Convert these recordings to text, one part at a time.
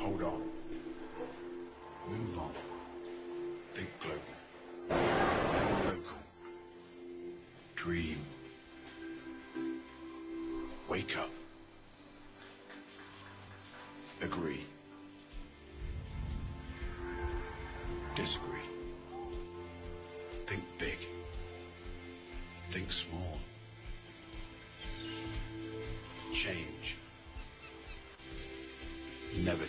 Hold on. Move on. Think global. local. Dream. Wake up.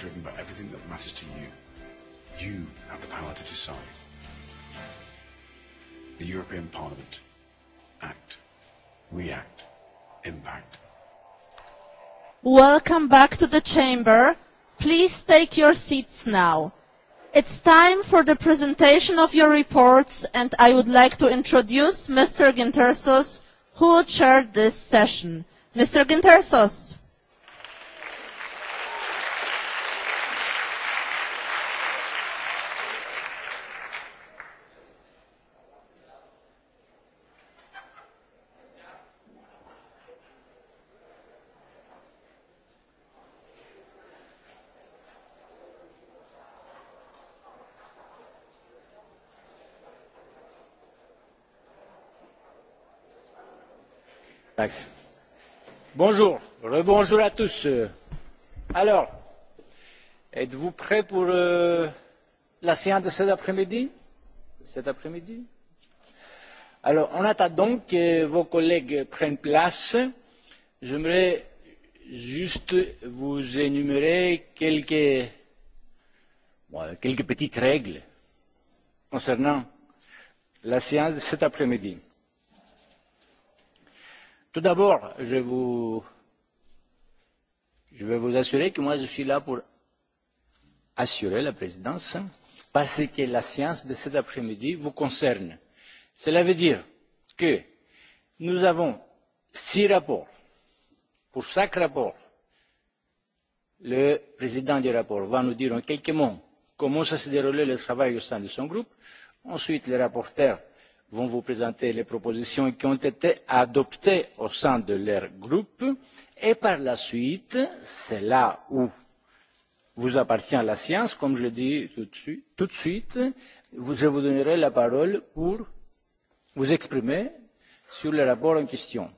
driven by everything that matters to you. You have the power to decide. The European Parliament. Act. React. Impact. Welcome back to the chamber. Please take your seats now. It's time for the presentation of your reports and I would like to introduce Mr. Gintersos who chaired this session. Mr. Gintersos. Bonjour, rebonjour à tous. Alors, êtes-vous prêts pour la séance de cet après-midi Cet après-midi Alors, en donc que vos collègues prennent place, j'aimerais juste vous énumérer quelques, quelques petites règles concernant la séance de cet après-midi. Tout d'abord, je vous je vais vous assurer que moi je suis là pour assurer la présidence parce que la science de cet après-midi vous concerne. Cela veut dire que nous avons six rapports. Pour chaque rapport, le président du rapport va nous dire en quelques mots comment ça s'est déroulé le travail au sein de son groupe. Ensuite, les rapporteurs vont vous présenter les propositions qui ont été adoptées au sein de leur groupe et par la suite, c'est là où vous appartient la science, comme je l'ai dit tout de suite, je vous donnerai la parole pour vous exprimer sur le rapport en question.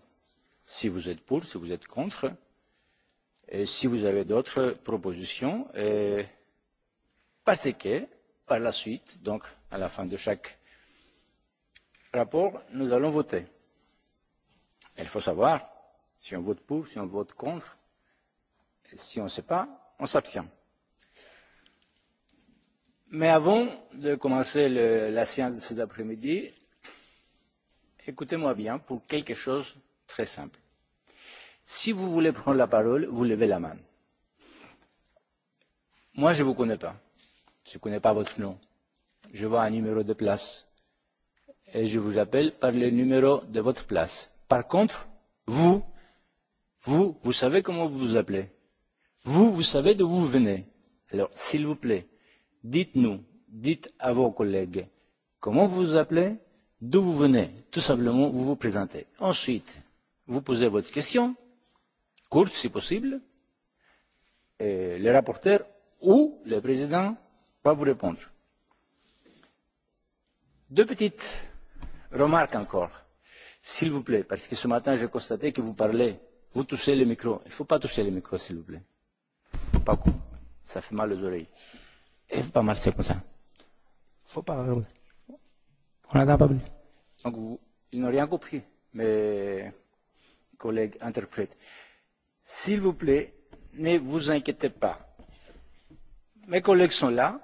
Si vous êtes pour, si vous êtes contre, et si vous avez d'autres propositions, parce que par la suite, donc à la fin de chaque rapport, nous allons voter. Il faut savoir si on vote pour, si on vote contre. Si on ne sait pas, on s'abstient. Mais avant de commencer la séance de cet après-midi, écoutez-moi bien pour quelque chose de très simple. Si vous voulez prendre la parole, vous levez la main. Moi, je ne vous connais pas. Je ne connais pas votre nom. Je vois un numéro de place et je vous appelle par le numéro de votre place. Par contre, vous, vous, vous savez comment vous vous appelez. Vous, vous savez d'où vous venez. Alors, s'il vous plaît, dites-nous, dites à vos collègues comment vous vous appelez, d'où vous venez. Tout simplement, vous vous présentez. Ensuite, vous posez votre question, courte si possible, et le rapporteur ou le président va vous répondre. Deux petites Remarque encore, s'il vous plaît, parce que ce matin j'ai constaté que vous parlez, vous touchez le micro. Il ne faut pas toucher le micro, s'il vous plaît. Pas coup, ça fait mal aux oreilles. Il ne faut pas marcher comme ça. Il faut pas. On n'a pas plus. Donc, vous, ils n'ont rien compris, mes collègues interprètes. S'il vous plaît, ne vous inquiétez pas. Mes collègues sont là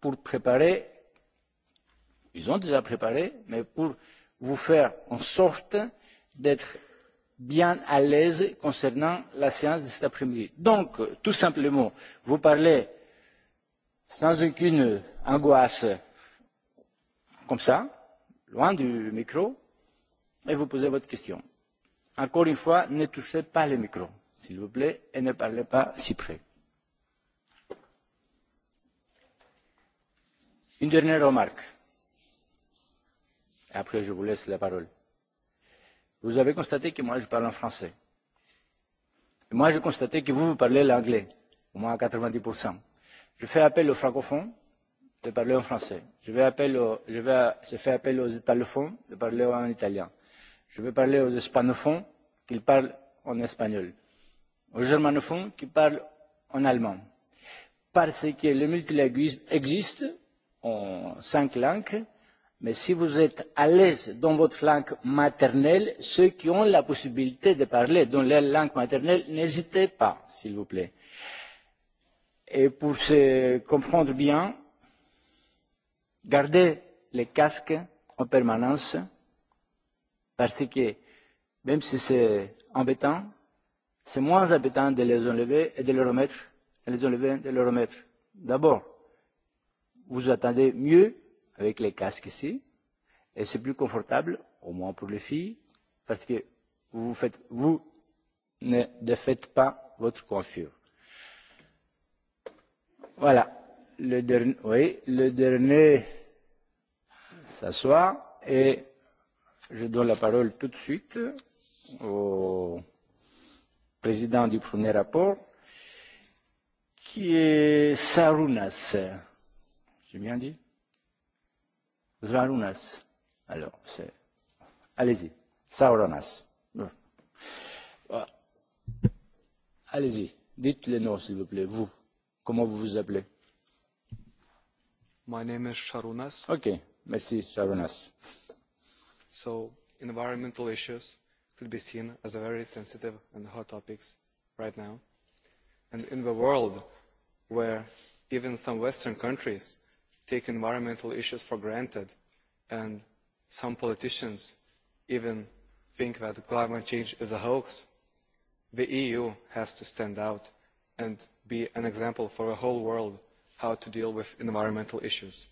pour préparer Ils ont déjà préparé, mais pour vous faire en sorte d'être bien à l'aise concernant la séance de cet après-midi. Donc, tout simplement, vous parlez sans aucune angoisse, comme ça, loin du micro, et vous posez votre question. Encore une fois, ne touchez pas le micro, s'il vous plaît, et ne parlez pas si près. Une dernière remarque après je vous laisse la parole. Vous avez constaté que moi je parle en français. Et Moi j'ai constaté que vous, vous parlez l'anglais, au moins à 90%. Je fais appel aux francophones de parler en français. Je, vais appel je, vais, je fais appel aux italophones de parler en italien. Je vais parler aux hispanophones qui parlent en espagnol. Aux germanophones qui parlent en allemand. Parce que le multilinguisme existe en cinq langues Mais si vous êtes à l'aise dans votre langue maternelle, ceux qui ont la possibilité de parler dans leur langue maternelle, n'hésitez pas, s'il vous plaît. Et pour se comprendre bien, gardez les casques en permanence, parce que même si c'est embêtant, c'est moins embêtant de les enlever et de les remettre, de les enlever et de les remettre. D'abord, vous attendez mieux avec les casques ici. Et c'est plus confortable, au moins pour les filles, parce que vous, faites, vous ne défaites pas votre coiffure. Voilà. Le dernier, oui, le dernier s'assoit et je donne la parole tout de suite au président du premier rapport, qui est Sarounas. J'ai bien dit Sarunas Alors, c'est... Allez-y. Sauronas. Allez-y. Dites le nom, s'il vous plaît. Vous, comment vous vous appelez My name is Sharunas. Okay. Merci, Sharunas. So, environmental issues could be seen as a very sensitive and hot topics right now. And in the world where even some Western countries take environmental issues for granted and some politicians even think that climate change is a hoax, the EU has to stand out and be an example for the whole world how to deal with environmental issues.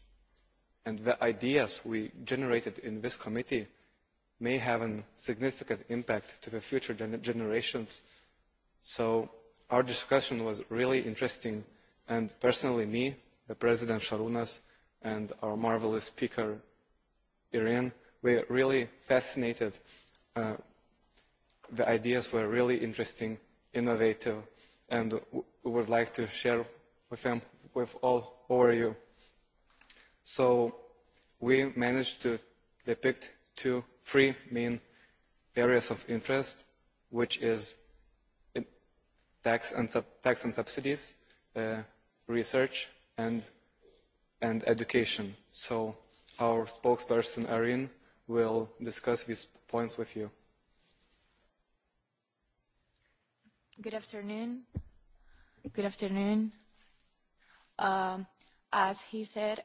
And the ideas we generated in this committee may have a significant impact to the future generations. So our discussion was really interesting and personally me, the President Sharunas, and our marvelous speaker, we We're really fascinated. The ideas were really interesting, innovative, and we would like to share with them, with all over you. So we managed to depict two, three main areas of interest, which is tax and subsidies, research, and and education. So our spokesperson, Erin, will discuss these points with you. Good afternoon. Good afternoon. As he said,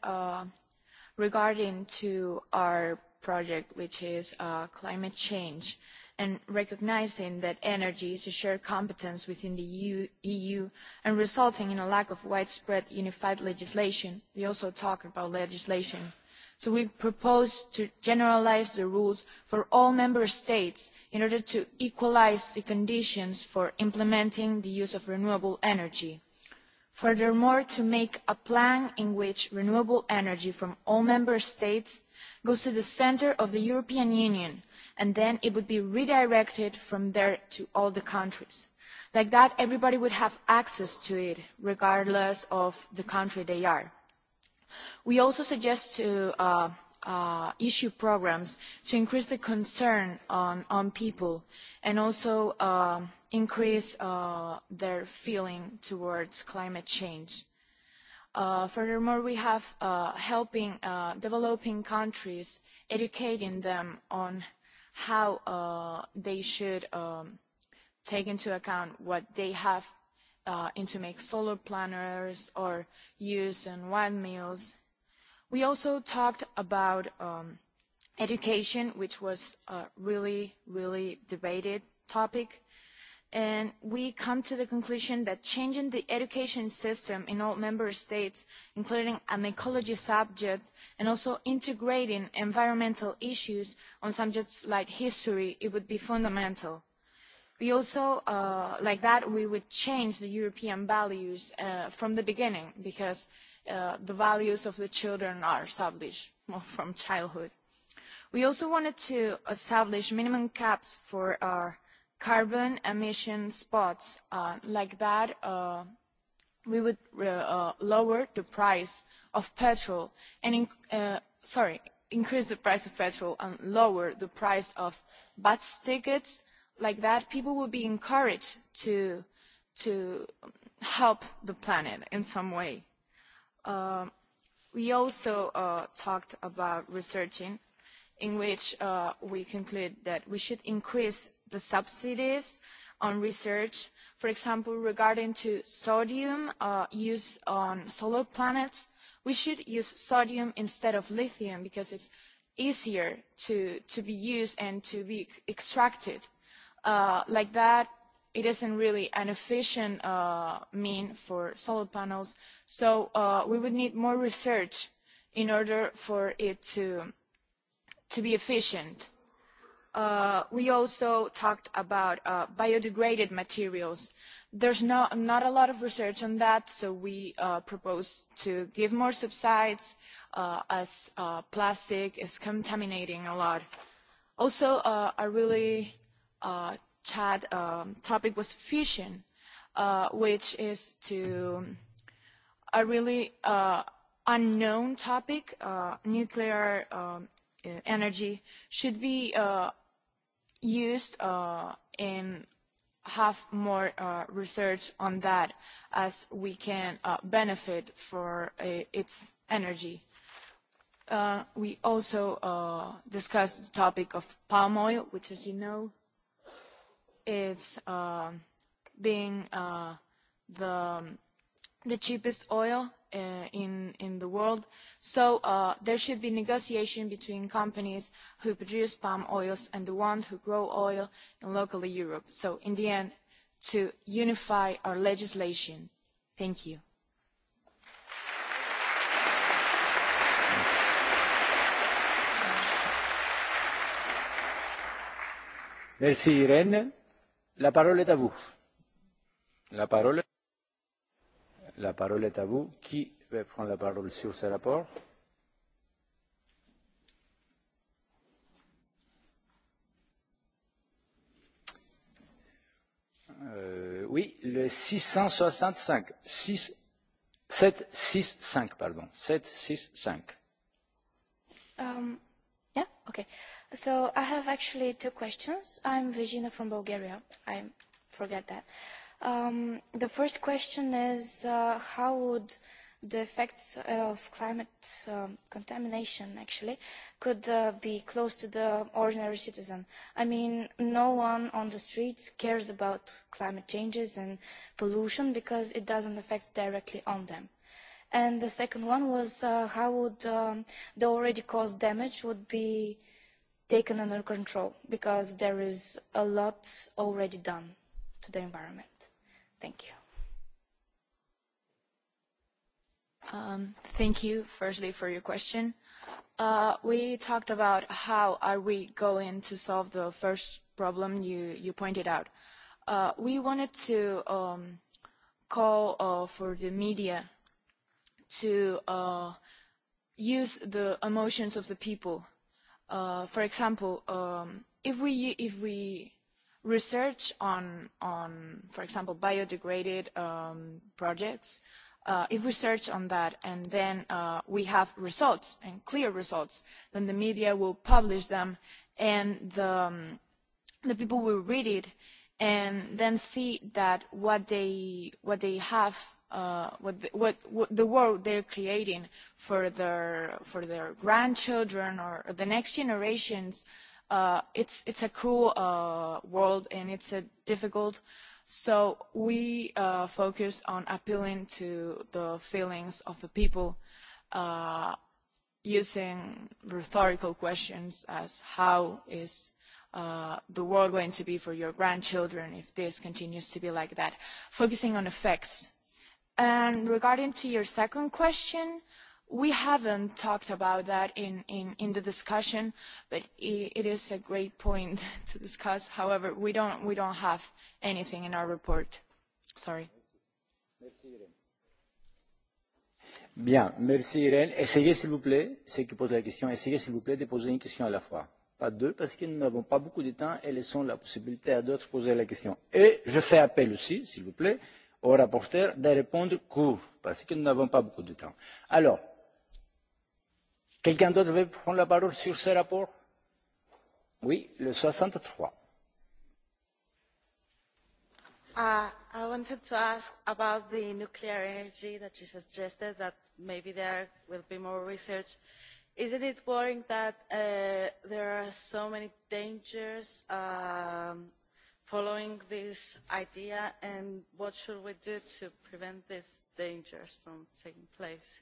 regarding to our project, which is climate change, and recognising that energy is a shared competence within the EU and resulting in a lack of widespread unified legislation. We also talk about legislation. So we propose to generalise the rules for all member states in order to equalise the conditions for implementing the use of renewable energy. Furthermore, to make a plan in which renewable energy from all member states goes to the centre of the European Union, and then it would be redirected from there to all the countries. Like that, everybody would have access to it, regardless of the country they are. We also suggest to issue programs to increase the concern on people and also increase their feeling towards climate change. Furthermore, we have helping developing countries, educating them on how they should take into account what they have into make solar planners or use in windmills We also talked about education, which was a really, really debated topic. And we come to the conclusion that changing the education system in all member states, including an ecology subject, and also integrating environmental issues on subjects like history, it would be fundamental. We also, like that, we would change the European values from the beginning, because the values of the children are established from childhood. We also wanted to establish minimum caps for our carbon emission spots. Like that, we would lower the price of petrol and, sorry, increase the price of petrol and lower the price of bus tickets. Like that, people would be encouraged to help the planet in some way. We also talked about researching, in which we conclude that we should increase the subsidies on research, for example, regarding to sodium use on solar planets. We should use sodium instead of lithium because it's easier to be used and to be extracted. Like that, it isn't really an efficient mean for solar panels, so we would need more research in order for it to to be efficient. We also talked about biodegraded materials. There's not not a lot of research on that, so we propose to give more subsides as plastic is contaminating a lot. Also, I really chat topic was fusion, which is to a really unknown topic. Nuclear energy should be used in have more research on that as we can benefit for its energy. We also discussed the topic of palm oil, which, as you know, it's being the the cheapest oil in in the world. So there should be negotiation between companies who produce palm oils and the ones who grow oil in locally Europe. So in the end, to unify our legislation. Thank you. Merci Irène. La parole est à vous. La parole, la parole est à vous. Qui va prendre la parole sur ce rapport euh, Oui, le 665. 6, 7, 6, 5, pardon. 7, 6, 5. Um, yeah, okay. So I have actually two questions. I'm Vizina from Bulgaria. I forget that. the first question is how would the effects of climate contamination actually could be close to the ordinary citizen. I mean, no one on the streets cares about climate changes and pollution because it doesn't affect directly on them. And the second one was how would the already caused damage would be taken under control because there is a lot already done to the environment. Thank you. Thank you, firstly, for your question. We talked about how are we going to solve the first problem you pointed out. We wanted to call for the media to use the emotions of the people For example, if we if we research on on for example biodegraded projects, if we search on that and then we have results and clear results, then the media will publish them and the the people will read it and then see that what they what they have what what the world they're creating for their for their grandchildren or the next generations it's it's a cruel world and it's a difficult so we focus on appealing to the feelings of the people using rhetorical questions as how is the world going to be for your grandchildren if this continues to be like that focusing on effects And regarding to your second question, we haven't talked about that in the discussion, but it is a great point to discuss. However, we don't we don't have anything in our report. Sorry. Bien, merci Irène. Essayez s'il vous plaît, ceux qui posent la question, essayez s'il vous plaît de poser une question à la fois. Pas deux, parce que nous n'avons pas beaucoup de temps et laissons la possibilité à d'autres de poser la question. Et je fais appel aussi, s'il vous plaît, au rapporteur de répondre court, parce que nous n'avons pas beaucoup de temps. Alors, quelqu'un d'autre veut prendre la parole sur ce rapport Oui, le 63. Uh, I wanted to ask about the nuclear energy that you suggested, that maybe there will be more research. Isn't it worrying that uh, there are so many dangers um, following this idea and what should we do to prevent these dangers from taking place?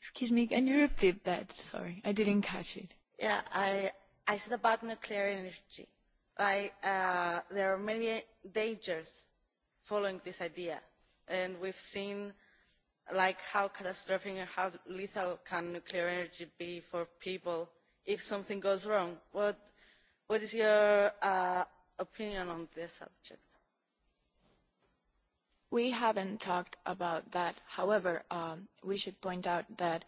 Excuse me, can you repeat that? Sorry, I didn't catch it. Yeah, I, I said about nuclear energy. Like, uh, there are many dangers following this idea. And we've seen like how catastrophic and how lethal can nuclear energy be for people if something goes wrong. What, what is your uh, opinion on this subject? We haven't talked about that. However, we should point out that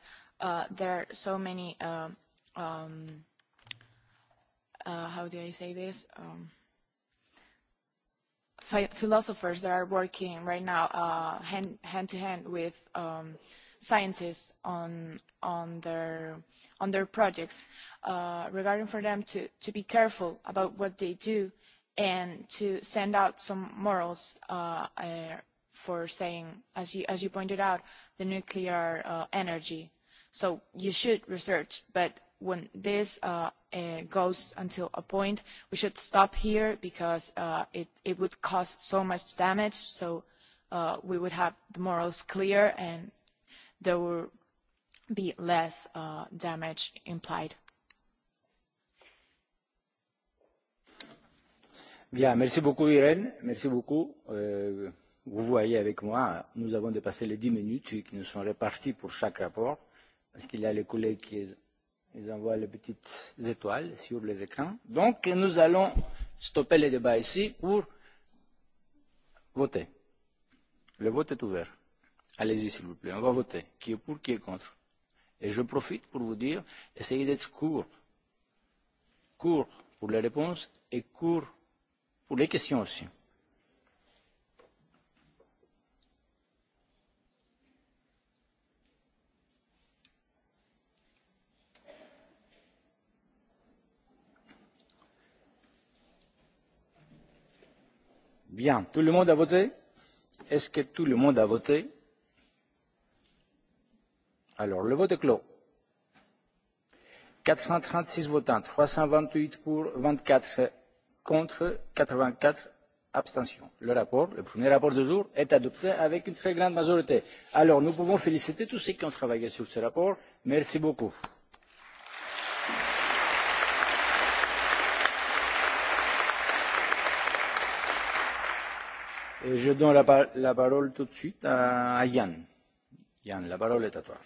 there are so many, how do I say this, philosophers that are working right now hand-to-hand with scientists on on their on their projects regarding for them to be careful about what they do and to send out some morals for saying, as you as you pointed out, the nuclear energy. So you should research, but when this goes until a point, we should stop here because it it would cause so much damage. So we would have the morals clear and there would be less damage implied. Bien, merci beaucoup Irène, merci beaucoup. Vous voyez avec moi, nous avons dépassé les 10 minutes qui nous sont réparties pour chaque rapport, parce qu'il y a les collègues qui ils envoient les petites étoiles sur les écrans. Donc, nous allons stopper le débat ici pour voter. Le vote est ouvert. Allez-y, s'il vous plaît. On va voter. Qui est pour, qui est contre. Et je profite pour vous dire, essayez d'être court. Court pour les réponses et court pour les questions aussi. Bien, tout le monde a voté Est-ce que tout le monde a voté Alors, le vote est clos. 436 votants, 328 pour, 24 contre quatre-vingt quatre abstentions. Le rapport, le premier rapport du jour, est adopté avec une très grande majorité. Alors, nous pouvons féliciter tous ceux qui ont travaillé sur ce rapport. Merci beaucoup. Je donne la parole tout de suite à Yann. Yann, la parole est à toi.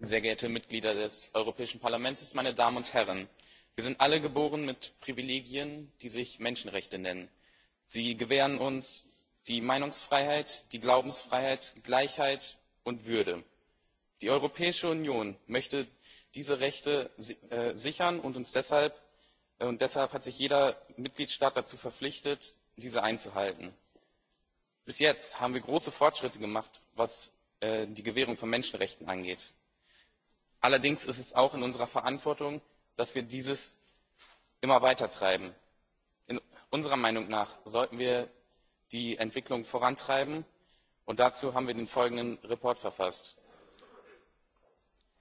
sehr geehrte mitglieder des europäischen parlaments meine damen und herren! wir sind alle geboren mit privilegien die sich menschenrechte nennen. sie gewähren uns die meinungsfreiheit die glaubensfreiheit gleichheit und würde. die europäische union möchte diese rechte sichern und deshalb hat sich jeder mitgliedstaat dazu verpflichtet diese einzuhalten. bis jetzt haben wir große fortschritte gemacht was die gewährung von menschenrechten angeht allerdings ist es auch in unserer verantwortung dass wir dies immer weiter treiben. In unserer meinung nach sollten wir die entwicklung vorantreiben und dazu haben wir den folgenden Report verfasst.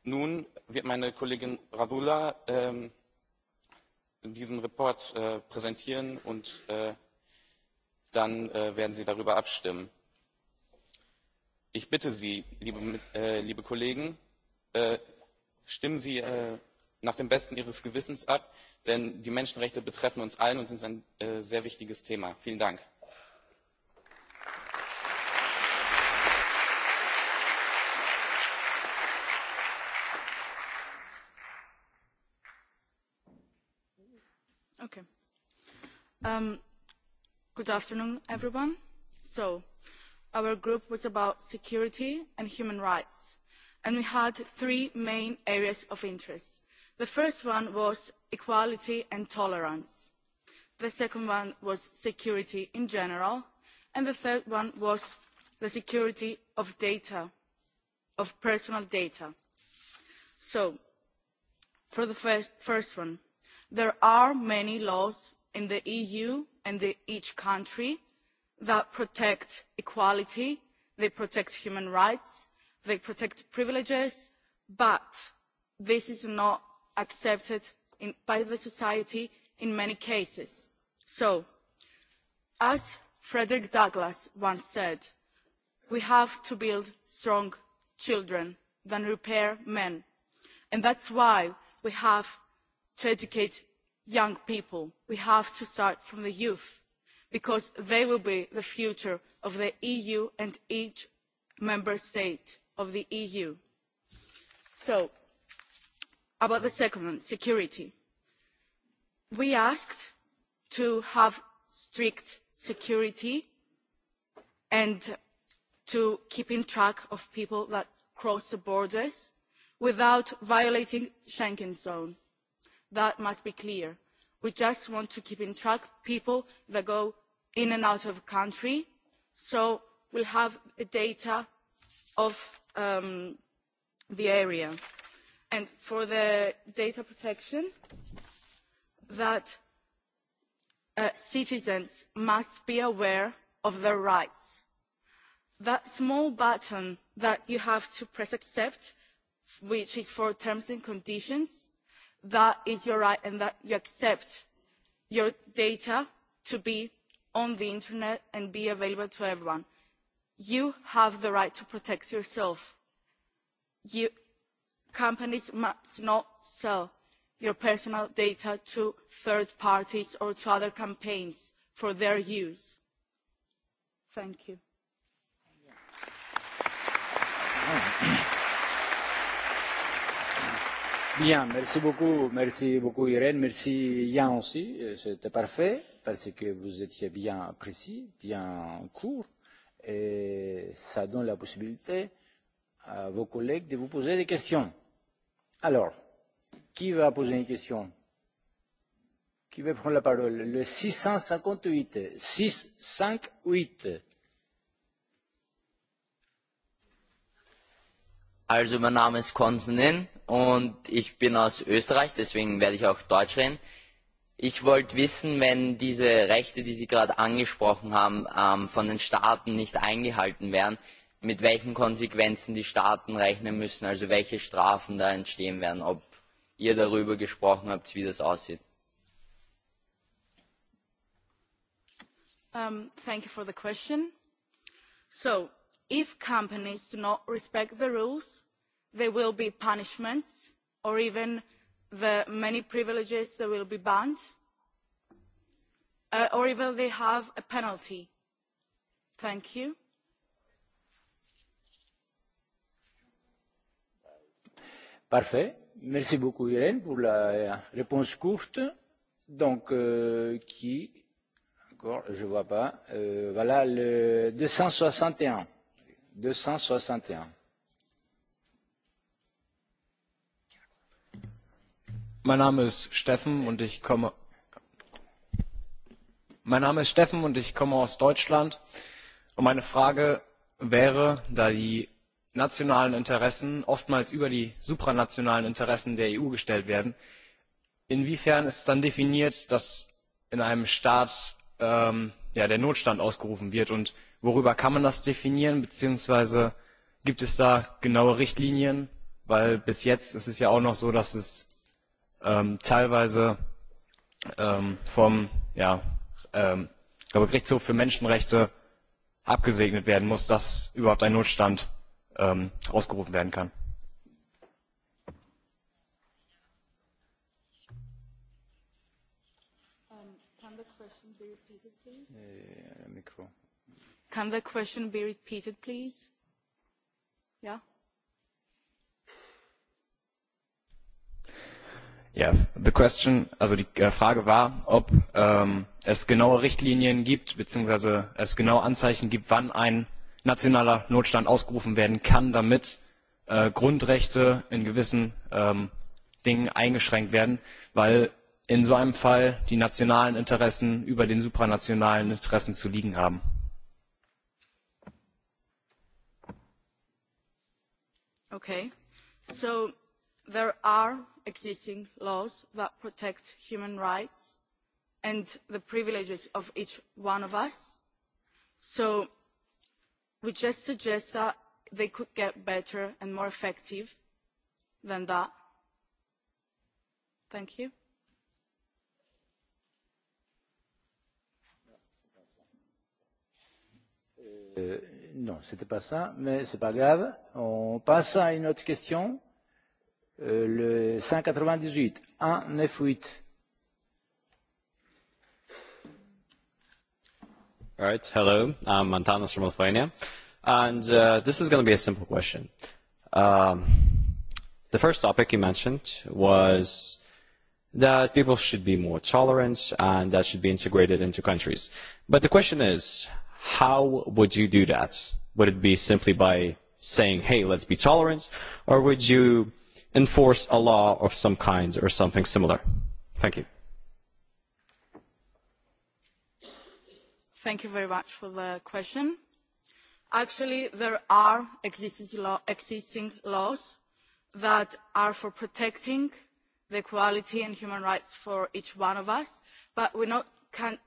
nun wird meine kollegin ravula diesen bericht präsentieren und dann werden sie darüber abstimmen. ich bitte sie liebe kollegen stimmen sie nach dem besten ihres gewissens ab denn die menschenrechte betreffen uns allen und sind ein sehr wichtiges thema. vielen dank! our was about security and and we had three main areas of interest. The first one was equality and tolerance. The second one was security in general. And the third one was the security of data, of personal data. So, for the first one, there are many laws in the EU and in each country that protect equality, they protect human rights, they protect privileges, but this is not accepted by the society in many cases. So, as Frederick Douglass once said, we have to build strong children than repair men. And that's why we have to educate young people. We have to start from the youth, because they will be the future of the EU and each member state of the EU. So, about the second one, security. We asked to have strict security and to keep in track of people that cross the borders without violating Schengen zone. That must be clear. We just want to keep in track people that go in and out of the country, so we'll have data of the area. And for the data protection, that citizens must be aware of their rights. That small button that you have to press accept, which is for terms and conditions, that is your right and that you accept your data to be on the internet and be available to everyone you have the right to protect yourself. Companies must not sell your personal data to third parties or to other campaigns for their use. Thank you. Bien, merci beaucoup, merci beaucoup Irène, merci Yann aussi, c'était parfait parce que vous étiez bien précis, bien court et ça donne la possibilité à vos collègues de vous poser des questions. Alors, qui va poser une question Qui va prendre la parole Le 658. 658. Also, mein Name ist Konstantin und ich bin aus Österreich, deswegen werde ich auch Deutsch reden. Ich wollte wissen, wenn diese Rechte, die Sie gerade angesprochen haben, von den Staaten nicht eingehalten werden, mit welchen Konsequenzen die Staaten rechnen müssen, also welche Strafen da entstehen werden, ob ihr darüber gesprochen habt, wie das aussieht. So, if companies do not respect the rules, there will be punishments or even the many privileges that will be banned or even they have a penalty. Thank you. Parfait. Merci beaucoup, Irène, pour la réponse courte. Donc, qui Encore, je ne vois pas. Voilà le 261. 261. Mein Name ist Steffen und ich komme Mein Name ist Steffen und ich komme aus Deutschland. Und meine Frage wäre, da die nationalen Interessen oftmals über die supranationalen Interessen der EU gestellt werden, inwiefern ist dann definiert, dass in einem Staat der Notstand ausgerufen wird und worüber kann man das definieren, beziehungsweise gibt es da genaue Richtlinien, weil bis jetzt ist es ja auch noch so, dass es teilweise vom Gerichtshof für Menschenrechte abgesegnet werden muss, dass überhaupt ein Notstand ausgerufen werden kann. Can the question be repeated, please? Yeah. die Frage war, ob es genaue Richtlinien gibt, beziehungsweise es genaue Anzeichen gibt, wann ein nationaler Notstand ausgerufen werden kann, damit Grundrechte in gewissen Dingen eingeschränkt werden, weil in so einem Fall die nationalen Interessen über den supranationalen Interessen zu liegen haben there are existing laws that protect human rights and the privileges of each one of us so we just suggest that they could get better and more effective than that. Thank you. Non, ce n'était pas ça, mais ce n'est pas grave. On passe à une autre question le 198 198 All right hello I'm Antanas from Lithuania and this is going to be a simple question um the first topic you mentioned was that people should be more tolerant and that should be integrated into countries but the question is how would you do that would it be simply by saying hey let's be tolerant or would you enforce a law of some kind or something similar. Thank you. Thank you very much for the question. Actually, there are existing laws that are for protecting the equality and human rights for each one of us, but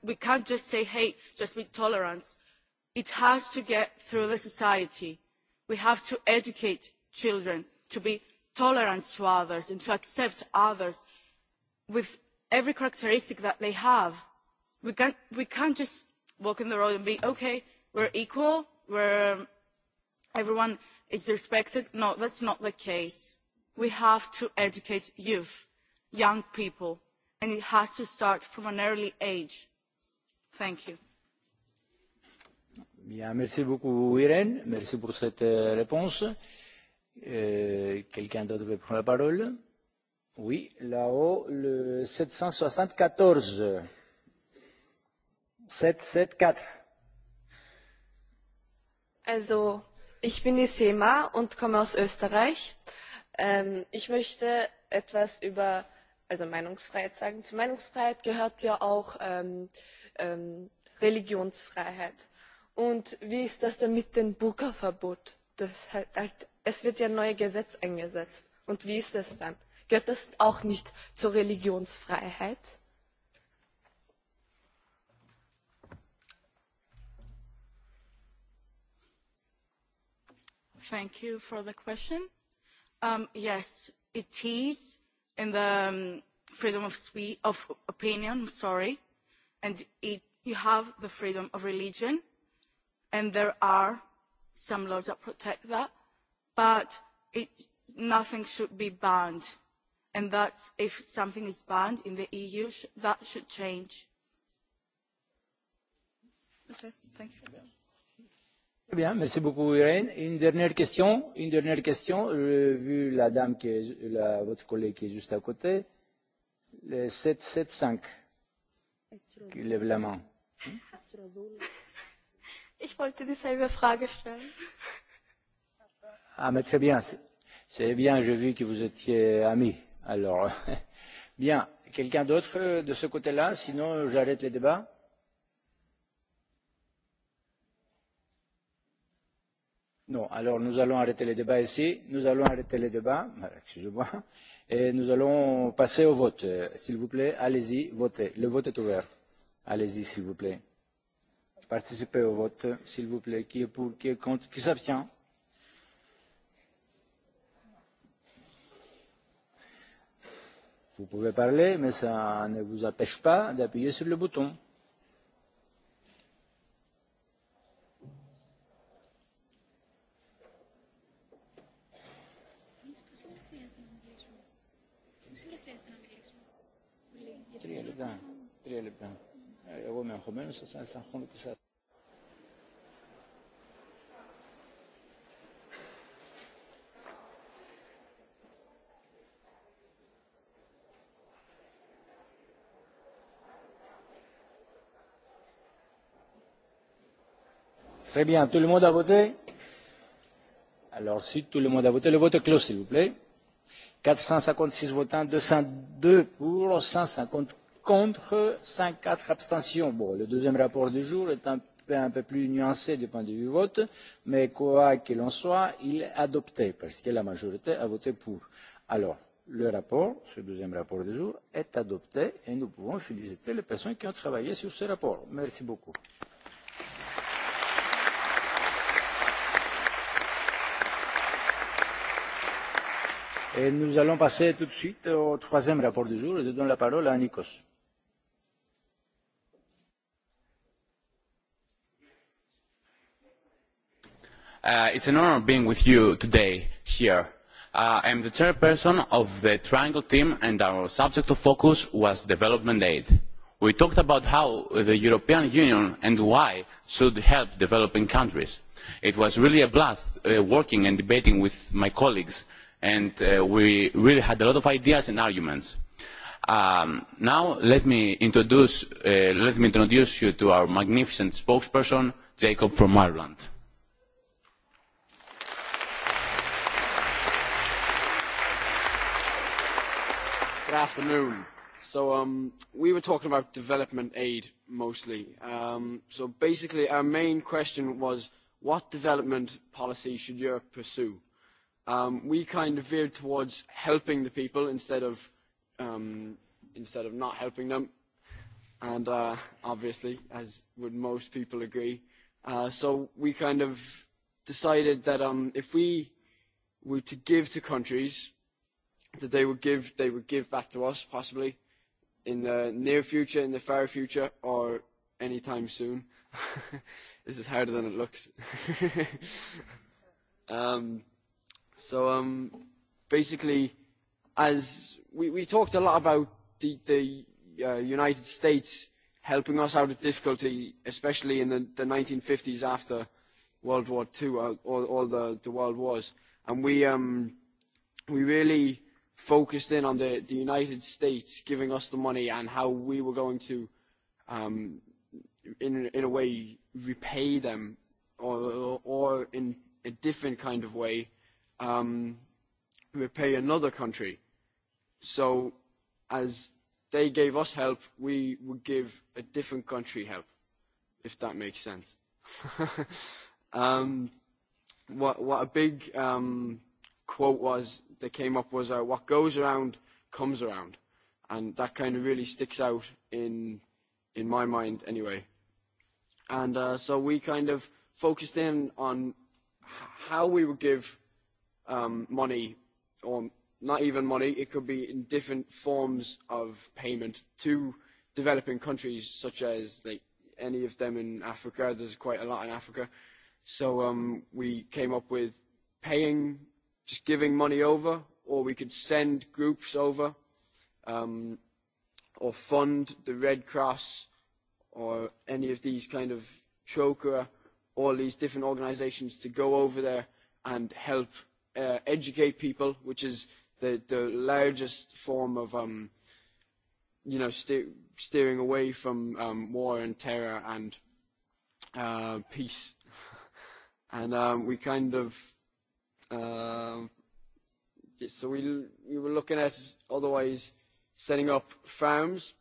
we can't just say, hey, just be tolerant. It has to get through the society. We have to educate children to be tolerance to others and to accept others with every characteristic that they have. We can't, we can't just walk in the road and be, okay, we're equal, we're, everyone is respected. No, that's not the case. We have to educate youth, young people, and it has to start from an early age. Thank you. Bien, merci beaucoup, Irene. Merci pour cette réponse. Quelqu'un d'autre veut prendre la parole Oui, là-haut, le 774. 774. Also, ich bin die Sema und komme aus Österreich. Ich möchte etwas über, also Meinungsfreiheit sagen. Zu Meinungsfreiheit gehört ja auch Religionsfreiheit. Und wie ist das denn mit dem Burka-Verbot? das, es wird ja ein neues Gesetz eingesetzt. Und wie ist das dann? Gehört das auch nicht zur Religionsfreiheit? Thank you for the question. Um, Yes, it is in the freedom of of opinion, sorry, and it you have the freedom of religion, and there are some laws that protect that, but it, nothing should be banned. And that's if something is banned in the EU, that should change. Okay, thank you. Très bien, merci beaucoup Irène. Une dernière question, une dernière question, vu la dame qui est, la, votre collègue qui est juste à côté, le 775, qui lève la main. Ich wollte dieselbe Frage stellen. Ah, mais très bien. C'est bien, j'ai vu que vous étiez amis. Alors, bien. Quelqu'un d'autre de ce côté-là Sinon, j'arrête les débats. Non, alors nous allons arrêter les débats ici. Nous allons arrêter les débats. Excusez-moi. Et nous allons passer au vote. S'il vous plaît, allez-y, votez. Le vote est ouvert. Allez-y, s'il vous plaît participer au vote, s'il vous plaît. Qui est pour, qui est contre, qui s'abstient Vous pouvez parler, mais ça ne vous empêche pas d'appuyer sur le bouton. Εγώ είμαι αγχωμένος, αγχώνω και σας. Très bien. Tout le monde a voté Alors, si tout le monde a voté, le vote est clos, s'il vous plaît. 456 votants, 202 pour, 150 contre, 54 abstentions. Bon, le deuxième rapport du jour est un peu, un peu plus nuancé du point de vue vote, mais quoi qu'il en soit, il est adopté parce que la majorité a voté pour. Alors, le rapport, ce deuxième rapport du jour, est adopté et nous pouvons féliciter les personnes qui ont travaillé sur ce rapport. Merci beaucoup. Et nous allons passer tout de suite au troisième rapport du jour je donne la parole à Nikos. Uh, it's an honor being with you today here. Uh, am the chairperson of the Triangle team and our subject of focus was development aid. We talked about how the European Union and why should help developing countries. It was really a blast working and debating with my colleagues and we really had a lot of ideas and arguments. Now let me introduce let me introduce you to our magnificent spokesperson, Jacob from Ireland. Good afternoon. So um we were talking about development aid mostly. Um so basically our main question was what development policy should Europe pursue? we kind of veered towards helping the people instead of instead of not helping them and obviously as would most people agree so we kind of decided that if we were to give to countries that they would give they would give back to us possibly in the near future in the far future or anytime soon this is harder than it looks um So basically, as we talked a lot about the United States helping us out of difficulty, especially in the 1950s after World War II, all the world wars, and we we really focused in on the United States giving us the money and how we were going to, in a way, repay them, or in a different kind of way repay another country. So as they gave us help, we would give a different country help, if that makes sense. um, what, what a big um, quote was that came up was, uh, what goes around comes around. And that kind of really sticks out in, in my mind anyway. And uh, so we kind of focused in on how we would give money or not even money, it could be in different forms of payment to developing countries such as like any of them in Africa. There's quite a lot in Africa. So um, we came up with paying, just giving money over, or we could send groups over, um, or fund the Red Cross, or any of these kind of choker, all these different organizations to go over there and help educate people, which is the the largest form of um you know steering away from um war and terror and uh peace. And um we kind of so we we were looking at otherwise setting up farms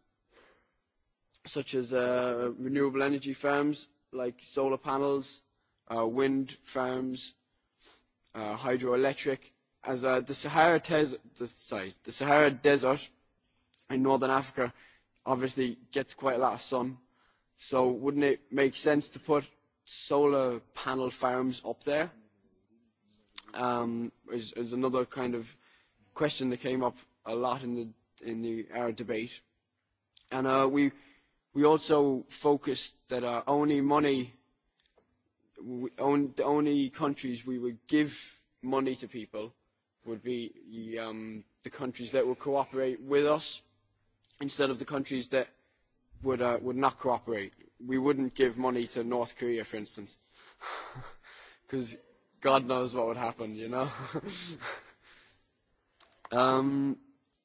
such as uh renewable energy farms like solar panels, uh wind farms hydroelectric, as the Sahara sorry, the Sahara Desert in northern Africa obviously gets quite a lot of sun. So wouldn't it make sense to put solar panel farms up there? Um, is, is another kind of question that came up a lot in the in the our debate, and uh, we we also focused that our only money the only countries we would give money to people would be the countries that would cooperate with us instead of the countries that would would not cooperate. We wouldn't give money to North Korea, for instance, because God knows what would happen, you know. um,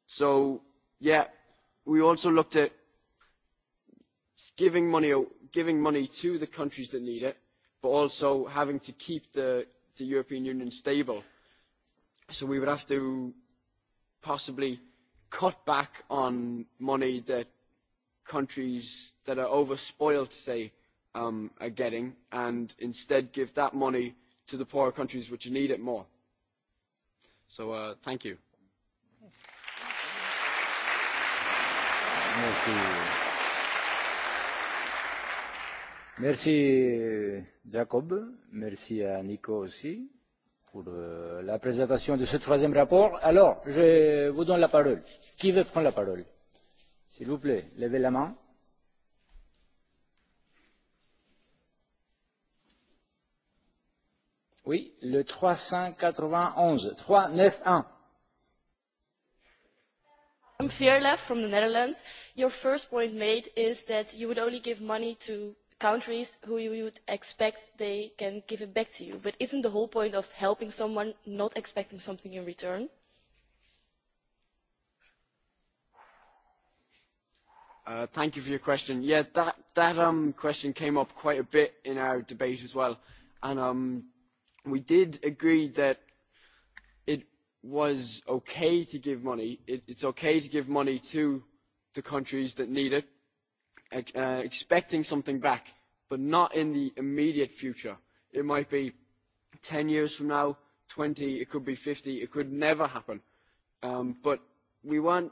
so yeah, we also looked at giving money giving money to the countries that need it but also having to keep the European Union stable. So we would have to possibly cut back on money that countries that are overspoiled, say, are getting, and instead give that money to the poorer countries which need it more. So thank you. Merci Jacob, merci à Nico aussi pour la présentation de ce troisième rapport. Alors, je vous donne la parole. Qui veut prendre la parole S'il vous plaît, levez la main. Oui, le 391, 391. I'm Fierlef from the Netherlands. Your first point made is that you would only give money to countries who you would expect they can give it back to you. But isn't the whole point of helping someone not expecting something in return? Thank you for your question. Yeah, that that um question came up quite a bit in our debate as well, and um we did agree that it was okay to give money. It's okay to give money to the countries that need it expecting something back, but not in the immediate future. It might be 10 years from now, 20, it could be 50, it could never happen. But we weren't,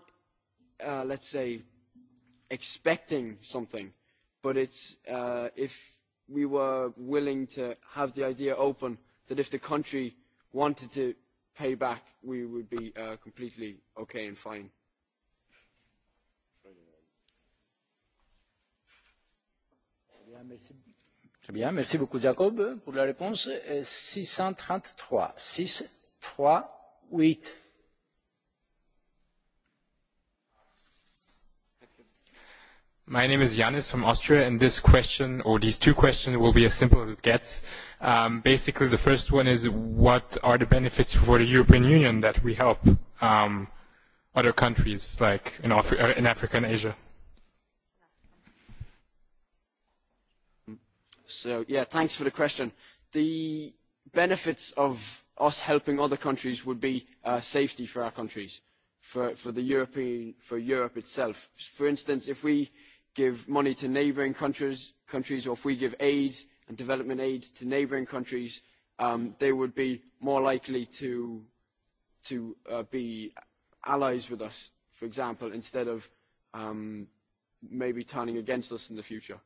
let's say, expecting something, but it's if we were willing to have the idea open that if the country wanted to pay back, we would be completely okay and fine. Très bien, merci beaucoup Jacob pour la réponse. 633, 6, 3, 8. My name is Janis from Austria, and this question, or these two questions, will be as simple as it gets. Um, basically, the first one is, what are the benefits for the European Union that we help um, other countries, like in, Af in Africa and Asia? So, yeah, thanks for the question. The benefits of us helping other countries would be safety for our countries, for for the European, for Europe itself. For instance, if we give money to neighboring, countries, countries, or if we give aid and development aid to neighboring countries, they would be more likely to to be allies with us, for example, instead of maybe turning against us in the future.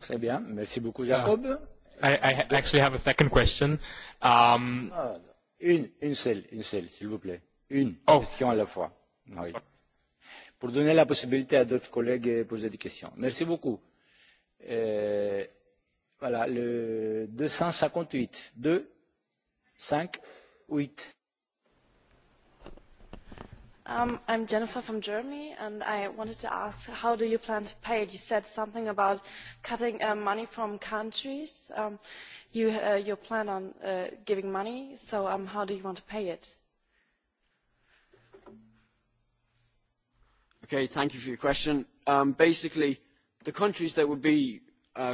Très bien, merci beaucoup Jacob. I actually have a second question. Une, une seule, une seule, s'il vous plaît. Une question à la fois. Pour donner la possibilité à d'autres collègues de poser des questions. Merci beaucoup. Voilà, le 258, 2, 5, 8. Um, I'm Jennifer from Germany, and I wanted to ask, how do you plan to pay it? You said something about cutting money from countries. Um, you you plan on giving money, so how do you want to pay it? Okay, thank you for your question. Um, basically, the countries that would be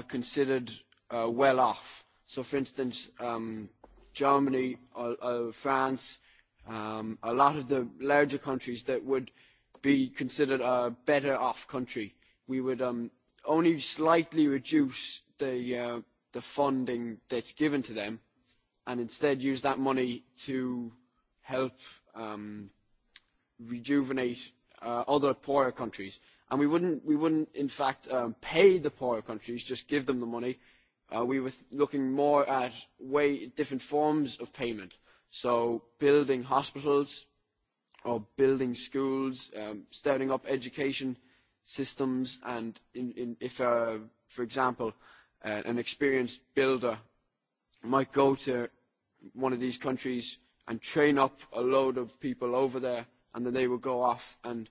considered well off, so for instance, um, Germany, France a lot of the larger countries that would be considered a better off country. We would only slightly reduce the the funding that's given to them and instead use that money to help um rejuvenate other poorer countries. And we wouldn't we wouldn't in fact pay the poorer countries, just give them the money. We were looking more at way different forms of payment So building hospitals or building schools, starting up education systems, and if, for example, an experienced builder might go to one of these countries and train up a load of people over there, and then they would go off and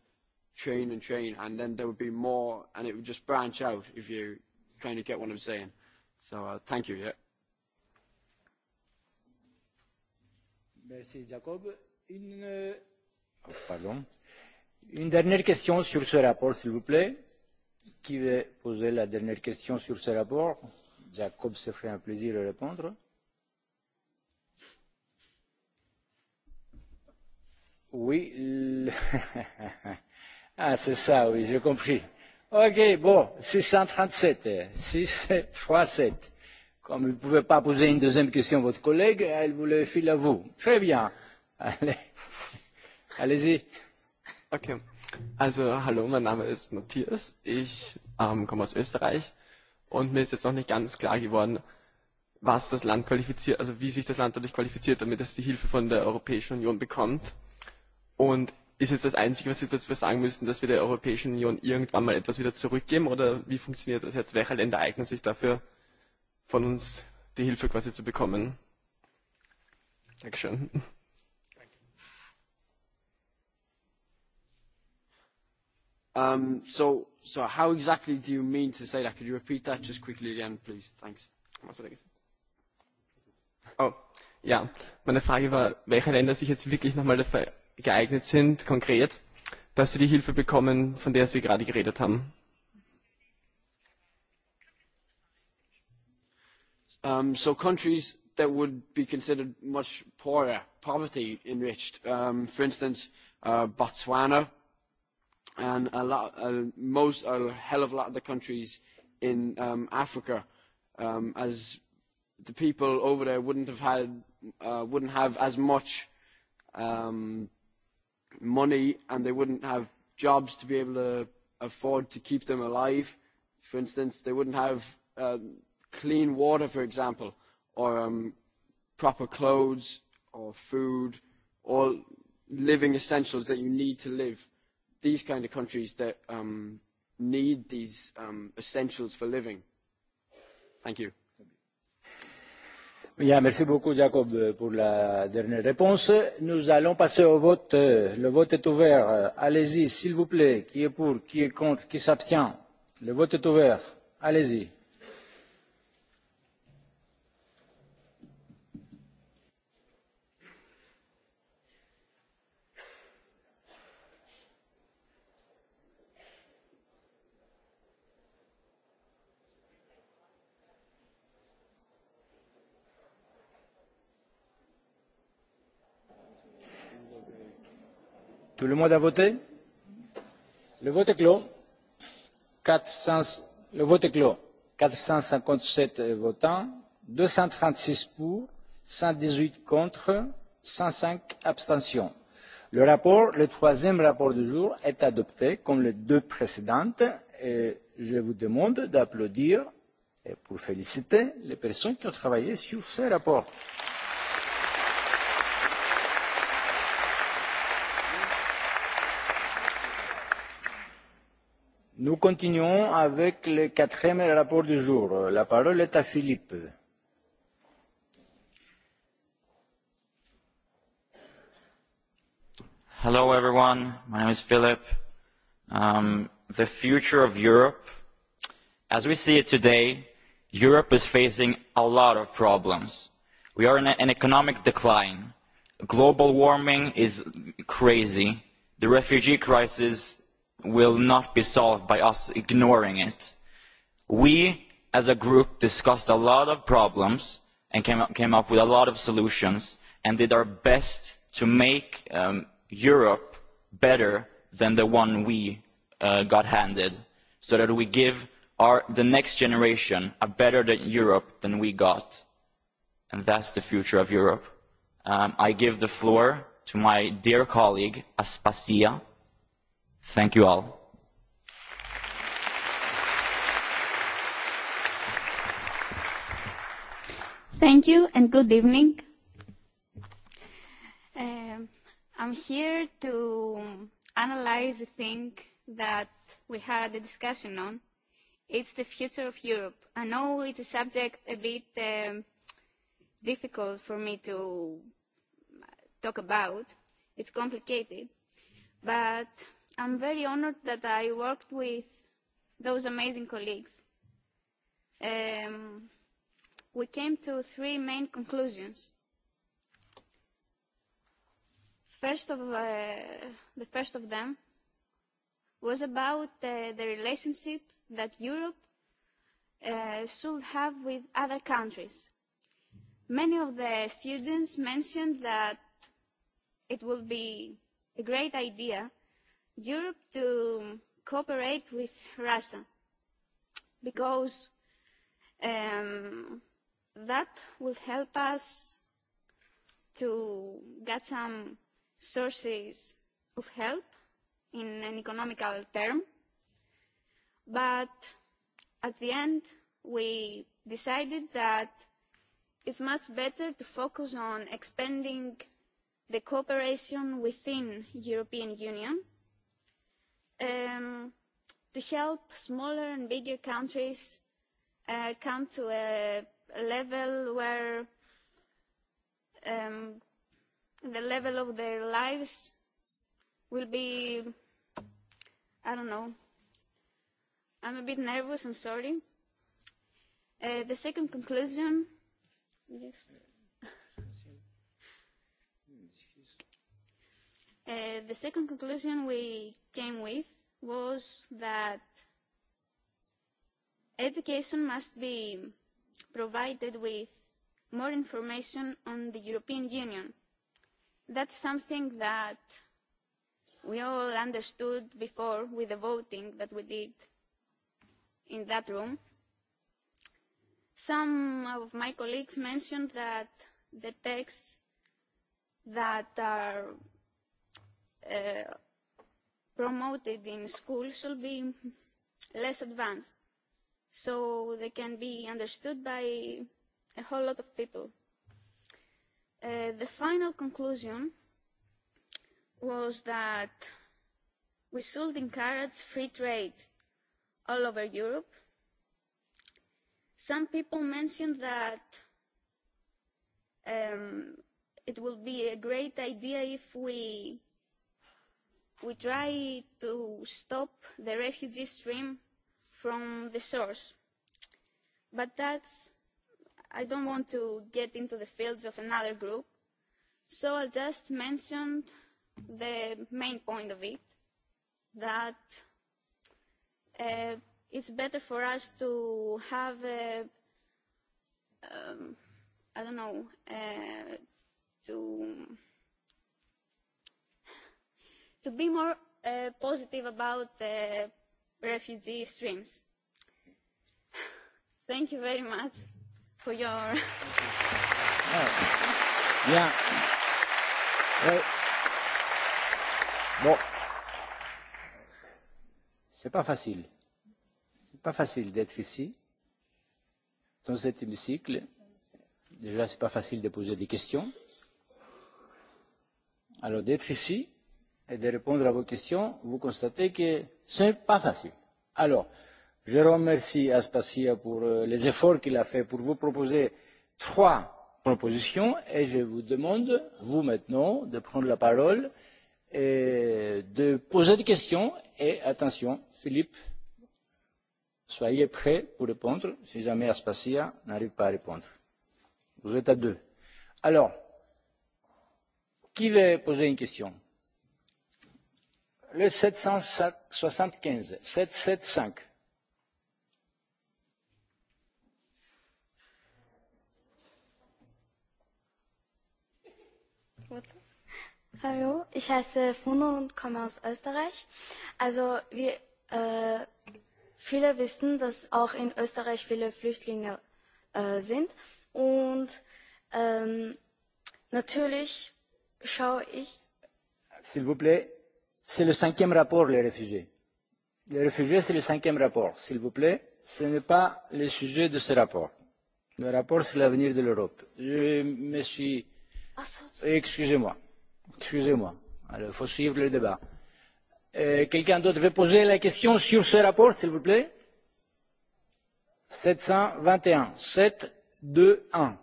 train and train, and then there would be more, and it would just branch out, if you kind of get what I'm saying. So thank you, yeah. Merci, Jacob. Une... Une dernière question sur ce rapport, s'il vous plaît. Qui veut poser la dernière question sur ce rapport Jacob se ferait un plaisir de répondre. Oui. ah, c'est ça, oui, j'ai compris. Ok, bon, 637, 637. Comme vous ne pouvez pas poser une deuxième question à votre collègue, elle vous le file à vous. Très bien. Allez-y. Okay. Also, hallo, mein Name ist Matthias. Ich ähm, komme aus Österreich. Und mir ist jetzt noch nicht ganz klar geworden, was das Land qualifiziert, also wie sich das Land dadurch qualifiziert, damit es die Hilfe von der Europäischen Union bekommt. Und ist es das Einzige, was Sie dazu sagen müssen, dass wir der Europäischen Union irgendwann mal etwas wieder zurückgeben? Oder wie funktioniert das jetzt? Welche Länder eignen sich dafür? von uns die Hilfe quasi zu bekommen. Dankeschön. Um, so, so how exactly do you mean to say that? Could you repeat that just quickly again, please? Thanks. Oh, ja. Meine Frage war, welche Länder sich jetzt wirklich nochmal dafür geeignet sind, konkret, dass sie die Hilfe bekommen, von der Sie gerade geredet haben. Um So countries that would be considered much poorer, poverty enriched, for instance, Botswana and a lot, most, a hell of a lot of the countries in um Africa, as the people over there wouldn't have had, wouldn't have as much um money and they wouldn't have jobs to be able to afford to keep them alive. For instance, they wouldn't have clean water, for example, or proper clothes or food, all living essentials that you need to live. These kind of countries that need these essentials for living. Thank you. Bien, merci beaucoup, Jacob, pour la dernière réponse. Nous allons passer au vote. Le vote est ouvert. Allez-y, s'il vous plaît. Qui est pour, qui est contre, qui s'abstient Le vote est ouvert. Allez-y. Tout le monde a voté Le vote est clos. 400, le vote est clos. 457 votants, 236 pour, 118 contre, 105 abstentions. Le rapport, le troisième rapport du jour, est adopté comme les deux précédentes et je vous demande d'applaudir et pour féliciter les personnes qui ont travaillé sur ce rapport. Nous continuons avec le quatrième rapport du jour. La parole est à Philippe. Hello everyone, my name is Philip. Um, the future of Europe. As we see it today, Europe is facing a lot of problems. We are in an economic decline. Global warming is crazy. The refugee crisis will not be solved by us ignoring it. We, as a group, discussed a lot of problems and came up with a lot of solutions and did our best to make Europe better than the one we got handed, so that we give the next generation a better Europe than we got. And that's the future of Europe. I give the floor to my dear colleague, Aspasia. Thank you all. Thank you and good evening. I'm here to analyze the thing that we had a discussion on. It's the future of Europe. I know it's a subject a bit difficult for me to talk about. It's complicated. But I'm very honored that I worked with those amazing colleagues. We came to three main conclusions. First of the first of them was about the relationship that Europe should have with other countries. Many of the students mentioned that it would be a great idea Europe to cooperate with Russia because that will help us to get some sources of help in an economical term. But at the end, we decided that it's much better to focus on expanding the cooperation within European Union to help smaller and bigger countries come to a level where the level of their lives will be I don't know. I'm a bit nervous, I'm sorry. The second conclusion yes The second conclusion we came with was that education must be provided with more information on the European Union. That's something that we all understood before with the voting that we did in that room. Some of my colleagues mentioned that the texts that are promoted in school should be less advanced so they can be understood by a whole lot of people. The final conclusion was that we should encourage free trade all over Europe. Some people mentioned that it would be a great idea if we we try to stop the refugee stream from the source. But that's, I don't want to get into the fields of another group, so I'll just mention the main point of it, that uh, it's better for us to have, a, um, I don't know, uh, to to be more positive about the refugee streams. Thank you very much for your. Bien. Bon. C'est pas facile. C'est pas facile d'être ici, dans cet hémicycle. Déjà, c'est pas facile de poser des questions. Alors, d'être ici, et de répondre à vos questions, vous constatez que ce n'est pas facile. Alors, je remercie Aspasia pour les efforts qu'il a fait pour vous proposer trois propositions et je vous demande, vous maintenant, de prendre la parole et de poser des questions. Et attention, Philippe, soyez prêt pour répondre si jamais Aspasia n'arrive pas à répondre. Vous êtes à deux. Alors, qui veut poser une question le 775. 775. Hallo, ich heiße Funo und komme aus Österreich. Also wie äh, viele wissen, dass auch in Österreich viele Flüchtlinge äh, sind. Und ähm, natürlich schaue ich. S'il vous plaît, C'est le cinquième rapport, les réfugiés. Les réfugiés, c'est le cinquième rapport. S'il vous plaît, ce n'est pas le sujet de ce rapport. Le rapport sur l'avenir de l'Europe. Je me suis... Excusez-moi. Excusez-moi. il faut suivre le débat. Quelqu'un d'autre veut poser la question sur ce rapport, s'il vous plaît 721. 7, 2, 1.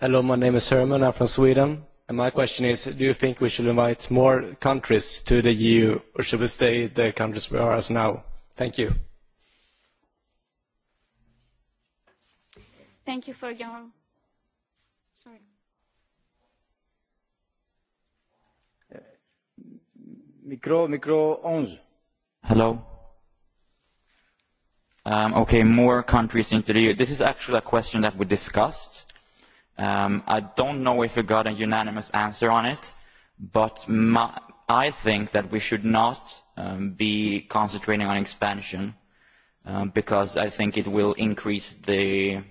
Hello, my name is Herman. I'm from Sweden My question is, do you think we should invite more countries to the EU, or should we stay the countries we are as now? Thank you. Thank you for your... Sorry. Micro, micro 11. Hello. okay, more countries into the EU. This is actually a question that we discussed I don't know if we got a unanimous answer on it, but I think that we should not be concentrating on expansion because I think it will increase the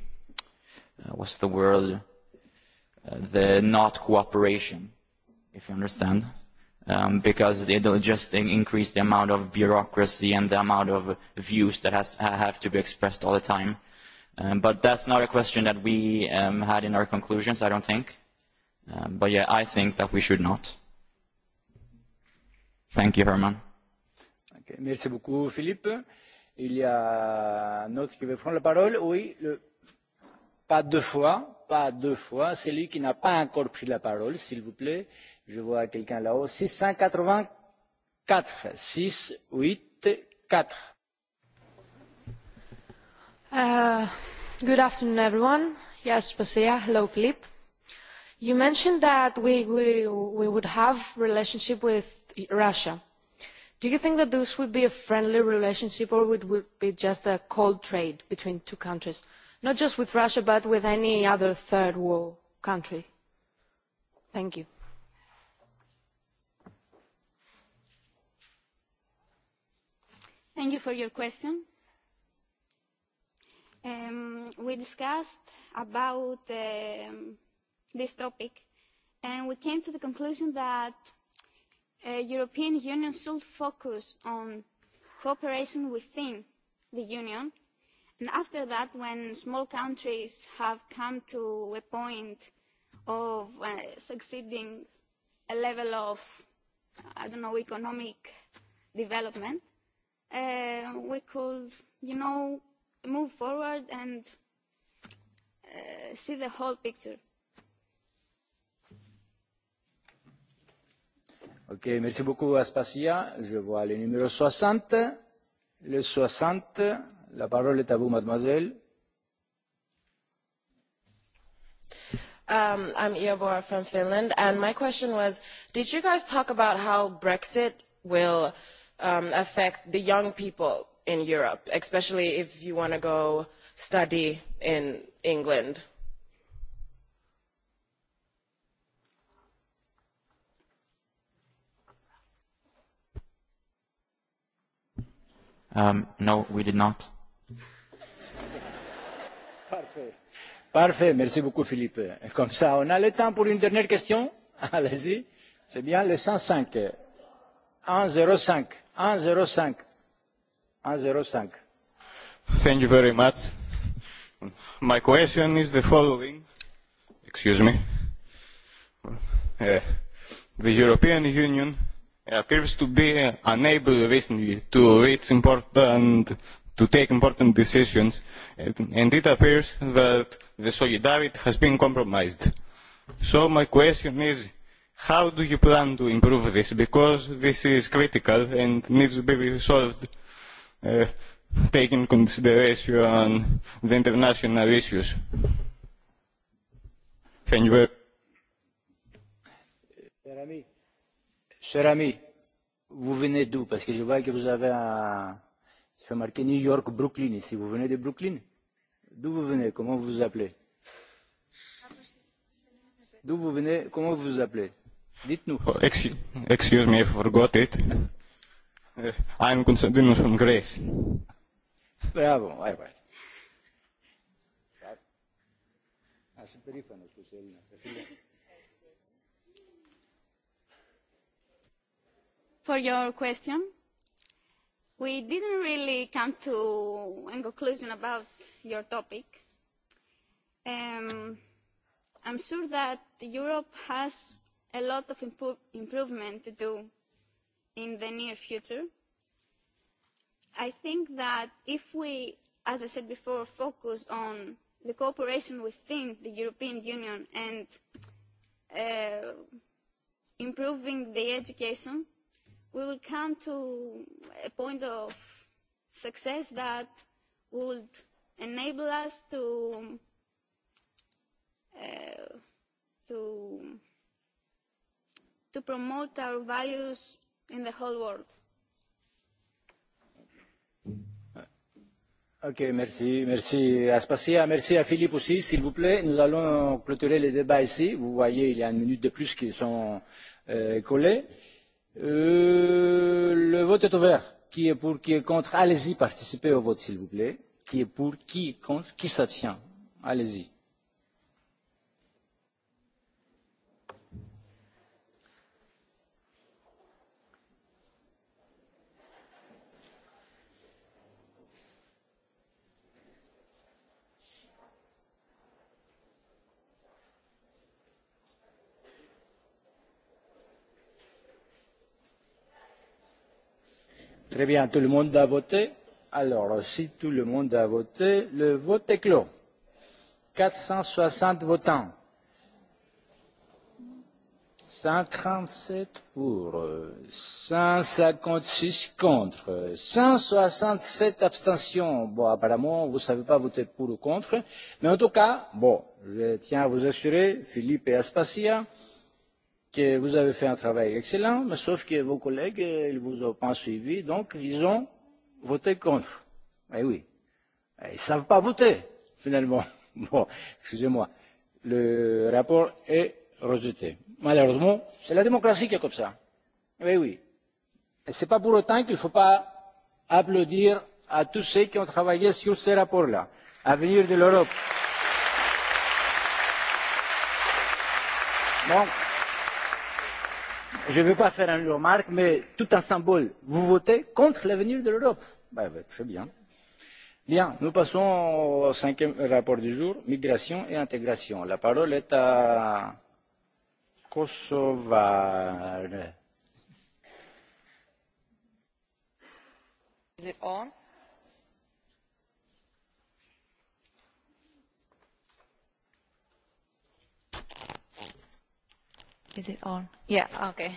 what's the word the not cooperation, if you understand, um because it will just increase the amount of bureaucracy and the amount of views that have to be expressed all the time But that's not a question that we had in our conclusions, I don't think. But yeah, I think that we should not. Thank you, Herman. Merci beaucoup, Philippe. Il y a un autre qui veut prendre la parole. Oui, pas deux fois, pas deux fois. C'est lui qui n'a pas encore pris la parole, s'il vous plaît. Je vois quelqu'un là-haut. 684, 6, 8, 4. Good afternoon, everyone. Yes, Hello, Philippe. You mentioned that we would have relationship with Russia. Do you think that this would be a friendly relationship or would it be just a cold trade between two countries? Not just with Russia, but with any other third world country. Thank you. Thank you for your question we discussed about this topic and we came to the conclusion that the European Union should focus on cooperation within the Union and after that when small countries have come to a point of succeeding a level of, I don't know, economic development, we could, you know, move forward and see the whole picture. Ok, merci beaucoup Aspasia. Je vois le numéro 60. Le 60, la parole est à vous, mademoiselle. Um, I'm Iobor from Finland, and my question was, did you guys talk about how Brexit will um, affect the young people? in Europe, especially if you want to go study in England. No, we did not. Parfait. Parfait. Merci beaucoup, Philippe. Comme ça, on a le temps pour une dernière question. Allez-y. C'est bien le 105. 105. 105. 105. Thank you very much. My question is the following. Excuse me. The European Union appears to be unable recently to reach important, to take important decisions, and it appears that the solidarity has been compromised. So my question is, how do you plan to improve this? Because this is critical and needs to be resolved take into consideration the international issues. Thank you very much. Cher ami, vous venez d'où Parce que je vois que vous avez un... fait marqué New York, Brooklyn ici. Vous venez de Brooklyn D'où vous venez Comment vous vous appelez D'où vous venez Comment vous vous appelez Dites-nous. Excuse me, I forgot it. I'm Konstantinos from Greece. Μπράβο, έβαλε. Ας είμαι περήφανος που είσαι Έλληνας, φίλε. For your question, we didn't really come to a conclusion about your topic. Um, I'm sure that Europe has a lot of improvement to do in the near future. I think that if we, as I said before, focus on the cooperation within the European Union and improving the education, we will come to a point of success that would enable us to to to promote our values in the whole world. Ok, merci, merci Aspasia, merci à Philippe aussi, s'il vous plaît. Nous allons clôturer les débats ici. Vous voyez, il y a une minute de plus qui sont euh, collés. Euh, le vote est ouvert. Qui est pour, qui est contre Allez-y, participez au vote, s'il vous plaît. Qui est pour, qui est contre, qui s'abstient Allez-y. Très bien, tout le monde a voté. Alors, si tout le monde a voté, le vote est clos. 460 votants. 137 pour, 156 contre, 167 abstentions. Bon, apparemment, vous ne savez pas voter pour ou contre. Mais en tout cas, bon, je tiens à vous assurer, Philippe et Aspasia, que vous avez fait un travail excellent, mais sauf que vos collègues, ils vous ont pas suivi, donc ils ont voté contre. Eh oui. Ils ne savent pas voter, finalement. Bon, excusez-moi. Le rapport est rejeté. Malheureusement, c'est la démocratie qui est comme ça. Eh oui. Et ce n'est pas pour autant qu'il ne faut pas applaudir à tous ceux qui ont travaillé sur ces rapports-là. Avenir de l'Europe. Donc, je ne veux pas faire une remarque, mais tout un symbole. Vous votez contre l'avenir de l'Europe. très bien. Bien, nous passons au cinquième rapport du jour, migration et intégration. La parole est à Kosova, Is it on? Yeah, okay.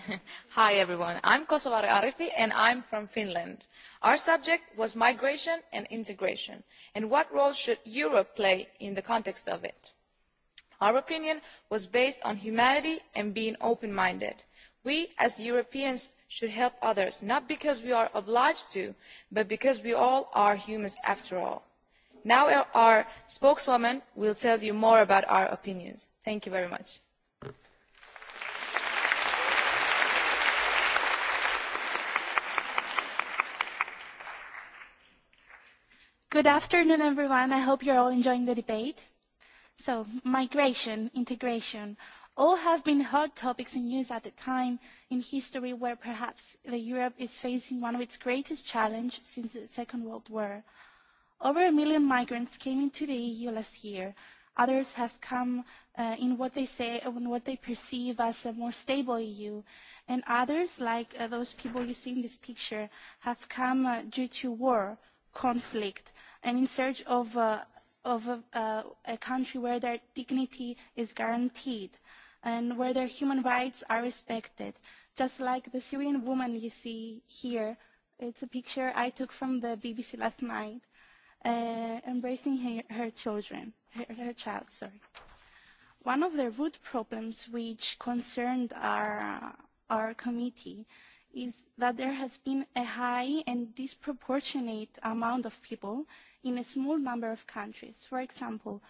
Hi, everyone. I'm Kosovare Arifi, and I'm from Finland. Our subject was migration and integration, and what role should Europe play in the context of it? Our opinion was based on humanity and being open-minded. We, as Europeans, should help others, not because we are obliged to, but because we all are humans after all. Now our spokeswoman will tell you more about our opinions. Thank you very much. Good afternoon, everyone. I hope you're all enjoying the debate. So, migration, integration, all have been hot topics in news at the time in history where perhaps the Europe is facing one of its greatest challenges since the Second World War. Over a million migrants came into the EU last year. Others have come in what they say and what they perceive as a more stable EU. And others, like those people you see in this picture, have come due to war conflict and in search of a country where their dignity is guaranteed and where their human rights are respected. Just like the Syrian woman you see here, it's a picture I took from the BBC last night, embracing her children, her child, sorry. One of the root problems which concerned our committee is that there has been a high and disproportionate amount of people in a small number of countries. For example,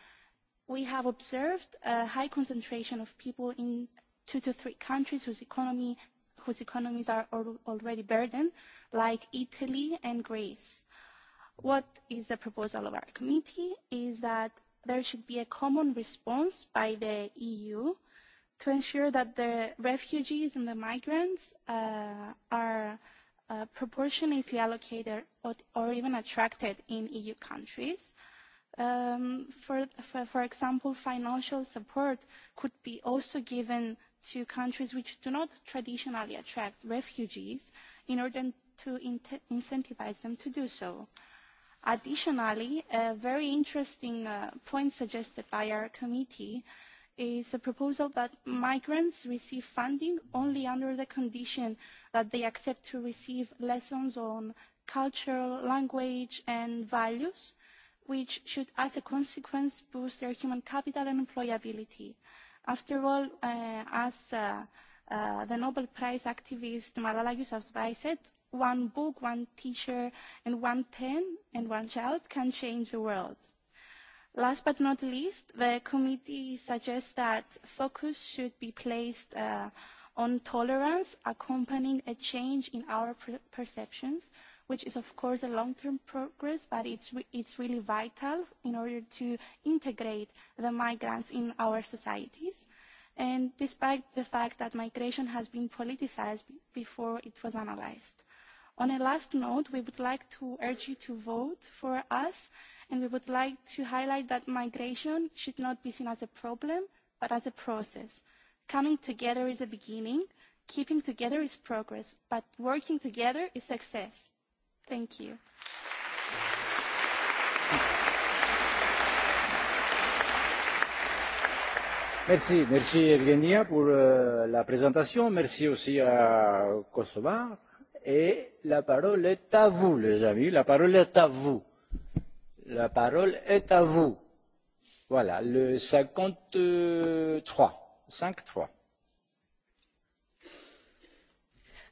we have observed a high concentration of people in two to three countries whose economy whose economies are already burdened, like Italy and Greece. What is the proposal of our committee is that there should be a common response by the EU to ensure that the refugees and the migrants are proportionately allocated or even attracted in EU countries. For example, financial support could be also given to countries which do not traditionally attract refugees in order to incentivize them to do so. Additionally, a very interesting point suggested by our committee is a proposal that migrants receive funding only under the condition that they accept to receive lessons on cultural, language and values, which should, as a consequence, boost their human capital and employability. After all, as the Nobel Prize activist Malala Yousafzai said, one book, one teacher, and one pen and one child can change the world. Last but not least, the committee suggests that focus should be placed on tolerance accompanying a change in our perceptions, which is of course a long-term progress, but it's really vital in order to integrate the migrants in our societies. And despite the fact that migration has been politicized before it was analyzed. On a last note, we would like to urge you to vote for us and we would like to highlight that migration should not be seen as a problem, but as a process. Coming together is a beginning, keeping together is progress, but working together is success. Thank you. Merci, merci Evgenia pour la présentation. Merci aussi à Kosovar, Et la parole est à vous, les amis. La parole est à vous. La parole est à vous. Voilà, le 53. 53.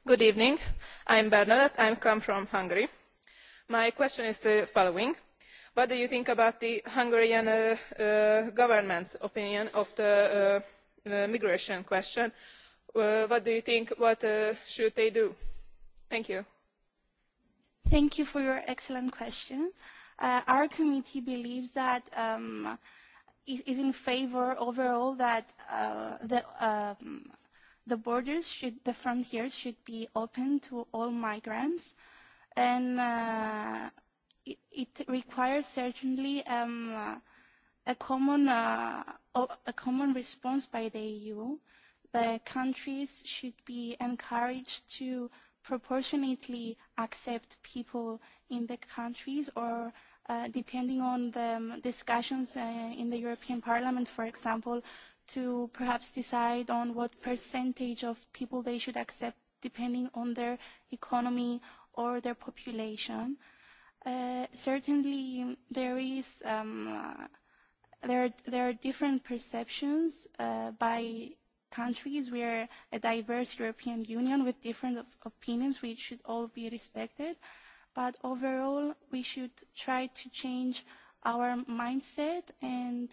Good evening. I'm Bernadette. I come from Hungary. My question is the following. What do you think about the Hungarian government's opinion of the migration question? What do you think? What should they do? Thank you. Thank you for your excellent question. Our committee believes that it is in favor overall that the borders should the frontiers should be open to all migrants and it requires certainly a common a common response by the EU. The countries should be encouraged to proportionately accept people in the countries or depending on the discussions in the European Parliament, for example, to perhaps decide on what percentage of people they should accept depending on their economy or their population. Certainly, there is there are different perceptions by countries. We are a diverse European Union with different opinions, which should all be respected but overall we should try to change our mindset and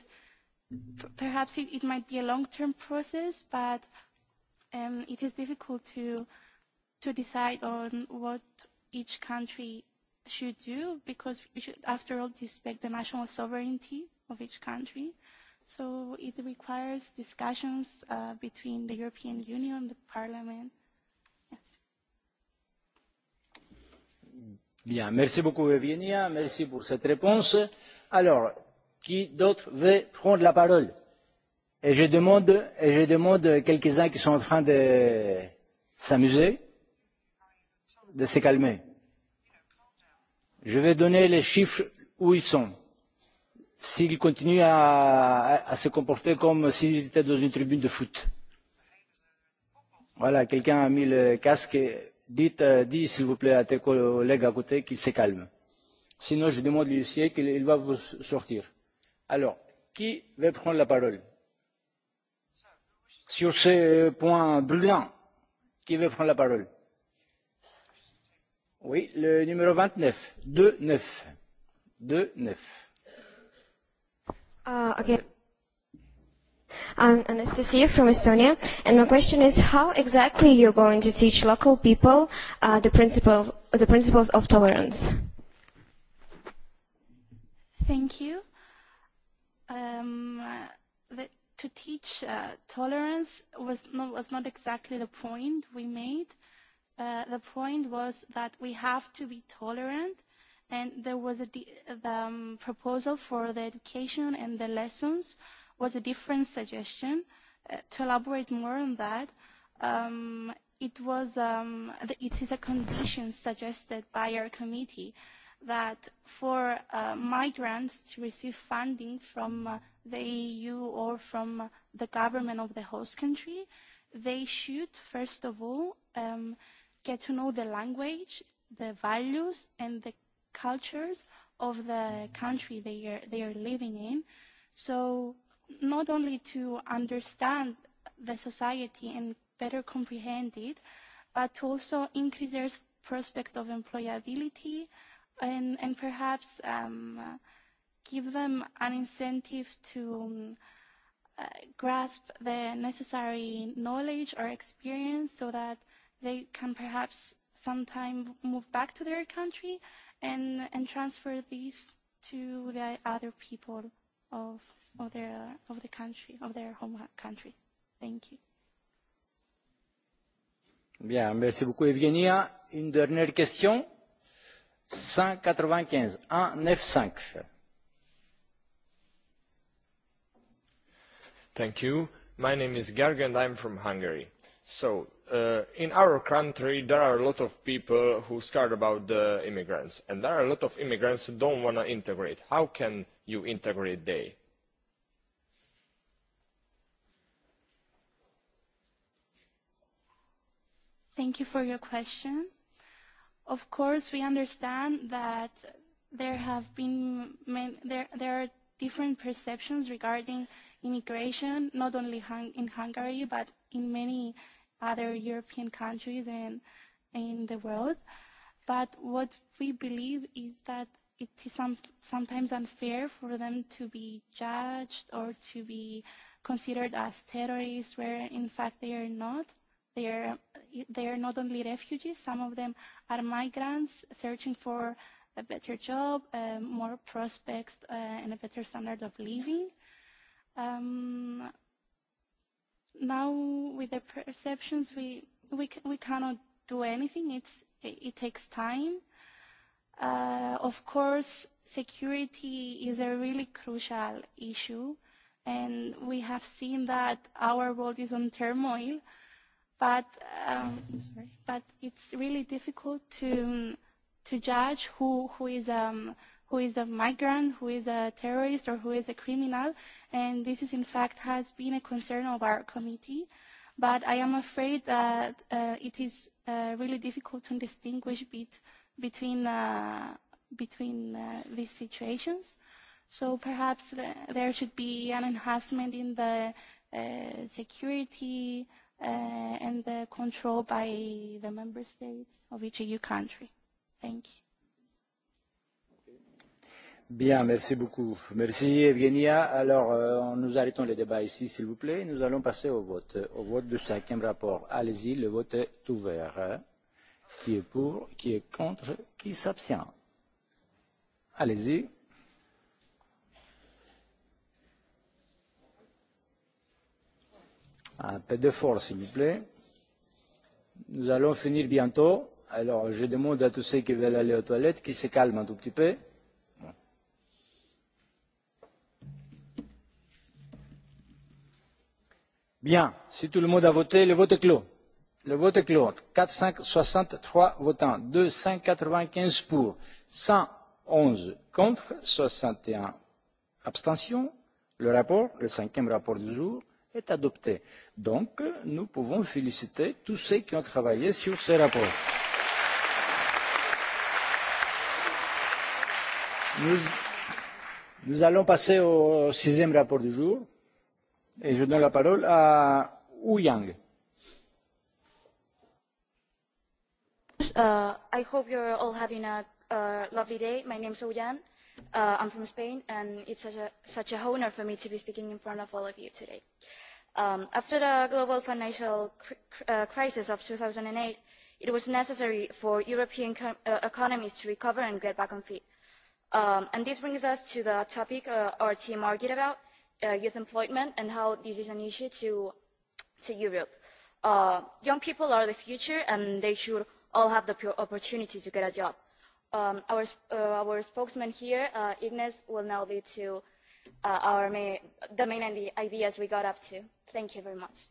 perhaps it might be a long-term process, but it is difficult to to decide on what each country should do because we should, after all, respect the national sovereignty of each country. So it requires discussions between the European Union, the Parliament, Bien, merci beaucoup Evgenia, merci pour cette réponse. Alors, qui d'autre veut prendre la parole Et je demande, et je demande quelques-uns qui sont en train de s'amuser, de se calmer. Je vais donner les chiffres où ils sont. S'ils continuent à, à se comporter comme s'ils étaient dans une tribune de foot. Voilà, quelqu'un a mis le casque dites, dis s'il vous plaît à tes collègues à côté qu'ils se calment. Sinon, je demande l'huissier qu'il va vous sortir. Alors, qui veut prendre la parole Sur ce point brûlant, qui veut prendre la parole Oui, le numéro 29. 2-9. 2-9. Uh, okay. I'm Anastasia from Estonia, and my question is how exactly you're going to teach local people the principles of tolerance? Thank you. To teach tolerance was not exactly the point we made. The point was that we have to be tolerant and there was a proposal for the education and the lessons was a different suggestion. To elaborate more on that, it was it is a condition suggested by our committee that for migrants to receive funding from the EU or from the government of the host country, they should first of all get to know the language, the values and the cultures of the country they are living in. So not only to understand the society and better comprehend it, but to also increase their prospects of employability and, perhaps give them an incentive to grasp the necessary knowledge or experience so that they can perhaps sometime move back to their country and, and transfer these to the other people of of their of the country of their home country. Thank you. Bien, merci beaucoup Evgenia. Une dernière question. 195, 195. Thank you. My name is Gerg and I'm from Hungary. So, in our country there are a lot of people who scared about the immigrants, and there are a lot of immigrants who don't want to integrate. How can you integrate they? Thank you for your question. Of course, we understand that there have been there there are different perceptions regarding immigration, not only in Hungary but in many other European countries and in the world. But what we believe is that it is sometimes unfair for them to be judged or to be considered as terrorists, where in fact they are not They are not only refugees, some of them are migrants searching for a better job, more prospects, and a better standard of living. Now, with the perceptions, we we cannot do anything. It's It takes time. Of course, security is a really crucial issue, and we have seen that our world is on turmoil but but it's really difficult to to judge who who is um who is a migrant, who is a terrorist or who is a criminal, and this is in fact has been a concern of our committee. But I am afraid that it is really difficult to distinguish between between these situations. So perhaps there should be an enhancement in the security and the control by the member states of each EU country. Thank you. Bien, merci beaucoup. Merci, Evgenia. Alors, nous arrêtons le débat ici, s'il vous plaît. Nous allons passer au vote, au vote du cinquième rapport. Allez-y, le vote est ouvert. Qui est pour, qui est contre, qui s'abstient Allez-y, Un peu force, s'il vous plaît. Nous allons finir bientôt. Alors, je demande à tous ceux qui veulent aller aux toilettes qu'ils se calment un tout petit peu. Bien. Si tout le monde a voté, le vote est clos. Le vote est clos. 463 votants, 295 pour, 111 contre, 61 abstentions. Le rapport, le cinquième rapport du jour, est adopté. Donc, nous pouvons féliciter tous ceux qui ont travaillé sur ce rapport. Nous allons passer au sixième rapport du jour et je donne la parole à Wu Yang. I hope you're all having a lovely day. My name is Ouyan. Uh, I'm from Spain and it's such a honor for me to be speaking in front of all of you today. After the global financial crisis of 2008, it was necessary for European economies to recover and get back on feet. And this brings us to the topic our team argued about, youth employment and how this is an issue to Europe. Young people are the future and they should all have the opportunity to get a job. Our spokesman here, Ignace, will now lead to our the main ideas we got up to. Thank you very much.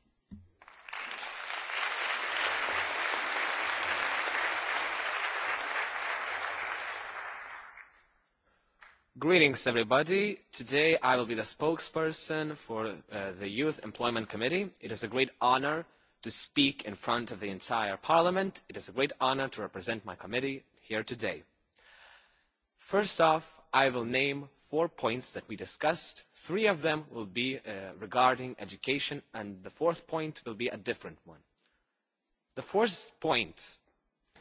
Greetings, everybody. Today I will be the spokesperson for the Youth Employment Committee. It is a great honor to speak in front of the entire Parliament. It is a great honor to represent my committee here today. First off, I will name four points that we discussed. Three of them will be regarding education, and the fourth point will be a different one. The fourth point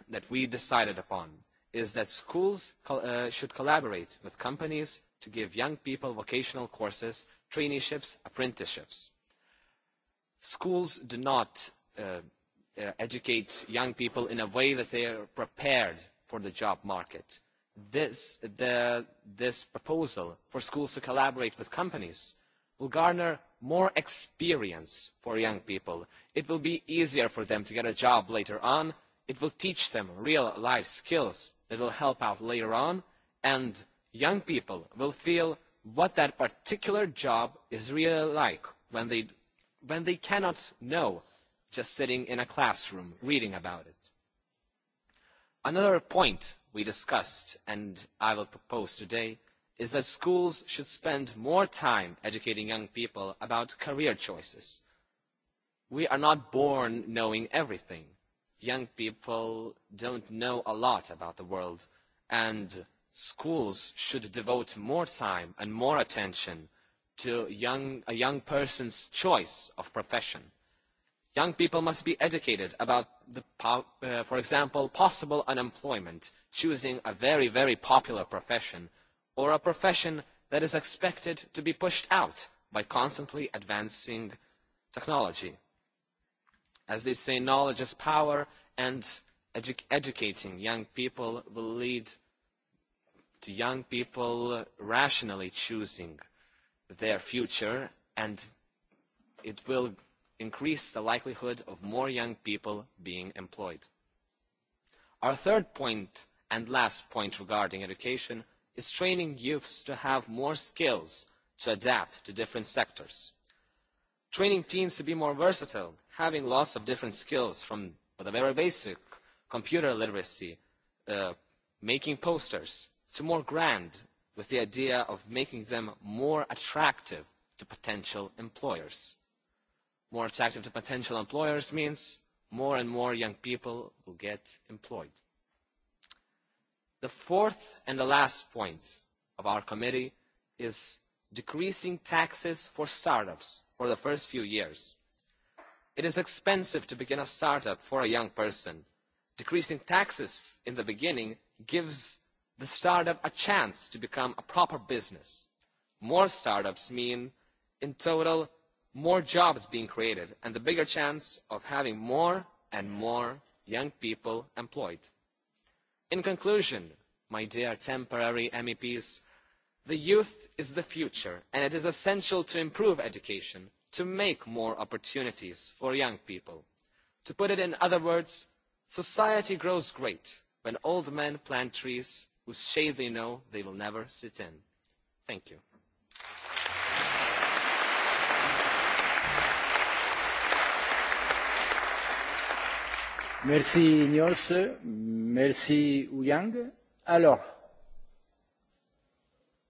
that we decided upon is that schools should collaborate with companies to give young people vocational courses, traineeships, apprenticeships. Schools do not educate young people in a way that they are prepared for the job market this proposal for schools to collaborate with companies will garner more experience for young people. It will be easier for them to get a job later on. It will teach them real-life skills It will help out later on, and young people will feel what that particular job is really like when they, when they cannot know just sitting in a classroom reading about it. Another point we discussed and I will propose today is that schools should spend more time educating young people about career choices. We are not born knowing everything. Young people don't know a lot about the world and schools should devote more time and more attention to a young person's choice of profession Young people must be educated about, for example, possible unemployment, choosing a very, very popular profession, or a profession that is expected to be pushed out by constantly advancing technology. As they say, knowledge is power, and educating young people will lead to young people rationally choosing their future, and it will increase the likelihood of more young people being employed. Our third point and last point regarding education is training youths to have more skills to adapt to different sectors. Training teens to be more versatile, having lots of different skills from the very basic computer literacy, making posters, to more grand with the idea of making them more attractive to potential employers more attractive to potential employers means more and more young people will get employed. The fourth and the last point of our committee is decreasing taxes for startups for the first few years. It is expensive to begin a startup for a young person. Decreasing taxes in the beginning gives the startup a chance to become a proper business. More startups mean, in total, more jobs being created and the bigger chance of having more and more young people employed. In conclusion, my dear temporary MEPs, the youth is the future and it is essential to improve education, to make more opportunities for young people. To put it in other words, society grows great when old men plant trees whose shade they know they will never sit in. Thank you. Merci Ignos, merci Ouyang. Alors,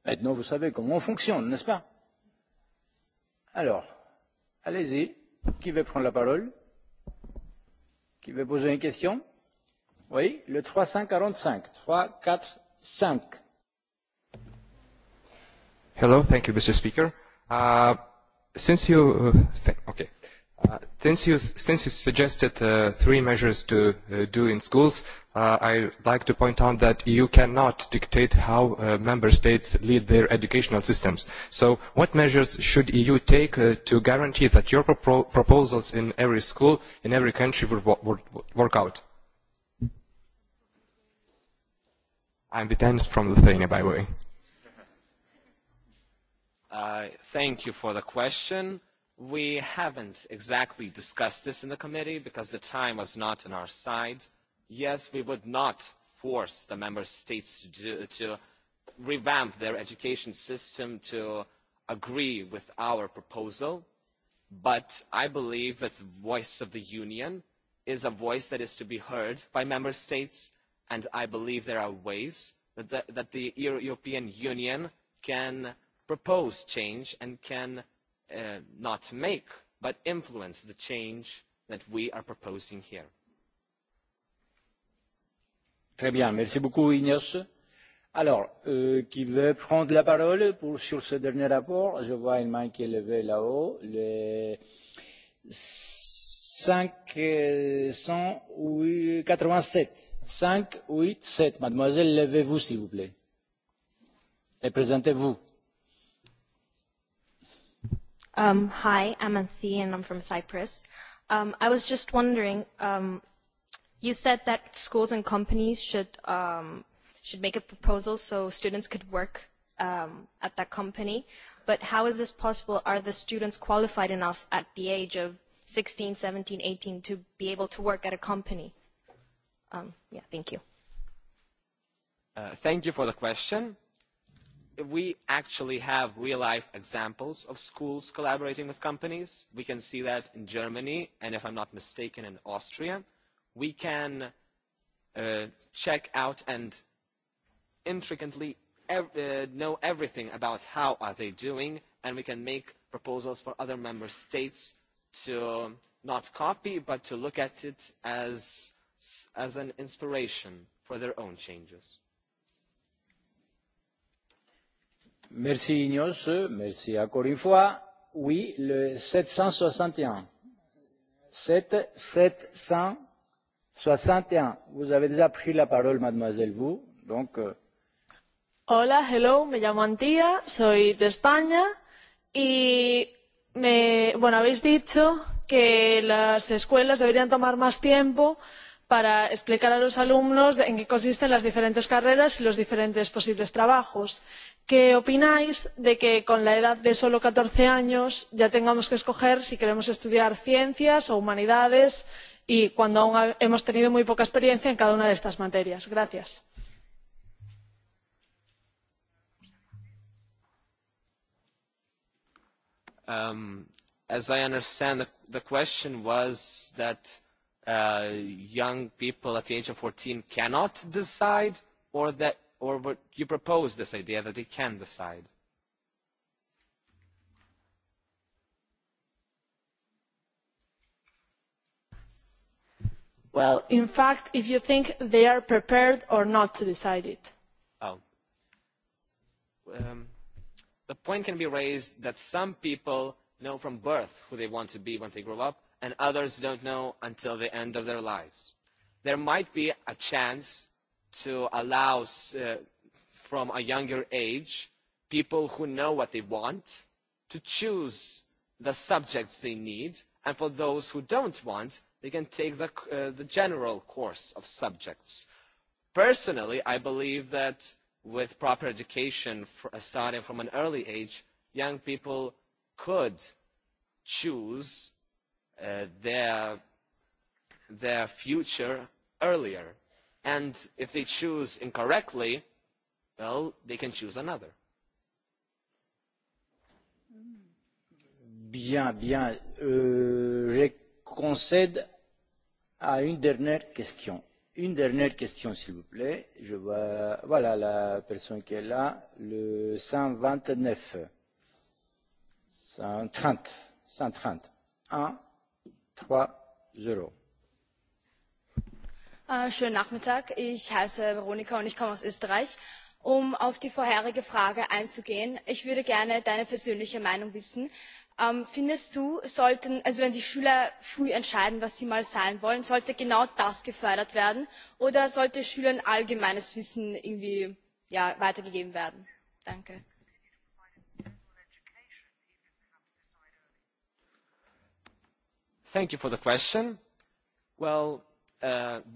maintenant vous savez comment on fonctionne, n'est-ce pas Alors, allez-y, qui veut prendre la parole Qui veut poser une question Oui, le 345, 3, 4, 5. Hello, thank you Mr. Speaker. Uh, since you... Uh, okay. Since you suggested three measures to do in schools, I'd like to point out that you cannot dictate how member states lead their educational systems. So what measures should EU take to guarantee that your proposals in every school, in every country, would work out? I'm Vitenis from Lithuania, by the way. Thank you for the question. We haven't exactly discussed this in the committee because the time was not on our side. Yes, we would not force the member states to revamp their education system to agree with our proposal, but I believe that the voice of the Union is a voice that is to be heard by member states, and I believe there are ways that the European Union can propose change and can not to make, but influence the change that we are proposing here. Très bien, merci beaucoup Ignace. Alors, euh, qui veut prendre la parole pour, sur ce dernier rapport Je vois une main qui est levée là-haut. Le 587. 7. mademoiselle, levez-vous s'il vous plaît. Et présentez-vous. Um, hi, I'm Anthea and I'm from Cyprus. Um, I was just wondering, um, you said that schools and companies should um, should make a proposal so students could work um, at that company. But how is this possible? Are the students qualified enough at the age of 16, 17, 18 to be able to work at a company? Um, yeah, thank you. thank you for the question we actually have real life examples of schools collaborating with companies. We can see that in Germany and, if I'm not mistaken, in Austria. We can check out and intricately know everything about how are they doing, and we can make proposals for other member states to not copy, but to look at it as an inspiration for their own changes. Merci Ignos, merci encore une fois. Oui, le 761. 7, 761. Vous avez déjà pris la parole, mademoiselle, vous. Donc, Hola, hello, me llamo Antía, soy de España y me, bueno, habéis dicho que las escuelas deberían tomar más tiempo para explicar a los alumnos en qué consisten las diferentes carreras y los diferentes posibles trabajos que opináis de que con la edad de solo 14 años ya tengamos que escoger si queremos estudiar ciencias o humanidades y cuando aún hemos tenido muy poca experiencia en cada una de estas materias. Gracias. young cannot decide or would you propose this idea that it can decide? Well, in fact, if you think they are prepared or not to decide it. Oh. Um, the point can be raised that some people know from birth who they want to be when they grow up, and others don't know until the end of their lives. There might be a chance to allow from a younger age people who know what they want to choose the subjects they need and for those who don't want they can take the general course of subjects. Personally, I believe that with proper education starting from an early age, young people could choose their future earlier and if they choose incorrectly, well, they can choose another. Bien, bien. Euh, Je concède à une dernière question. Une dernière question, s'il vous plaît. Je vois, voilà la personne qui est là, le 129. 130. 130. 1, 3, 0. Schönen Nachmittag. Ich heiße Veronika und ich komme aus Österreich. Um auf die vorherige Frage einzugehen, ich würde gerne deine persönliche Meinung wissen. Findest du, sollten, also wenn sich Schüler früh entscheiden, was sie mal sein wollen, sollte genau das gefördert werden oder sollte Schülern allgemeines Wissen irgendwie weitergegeben werden? Danke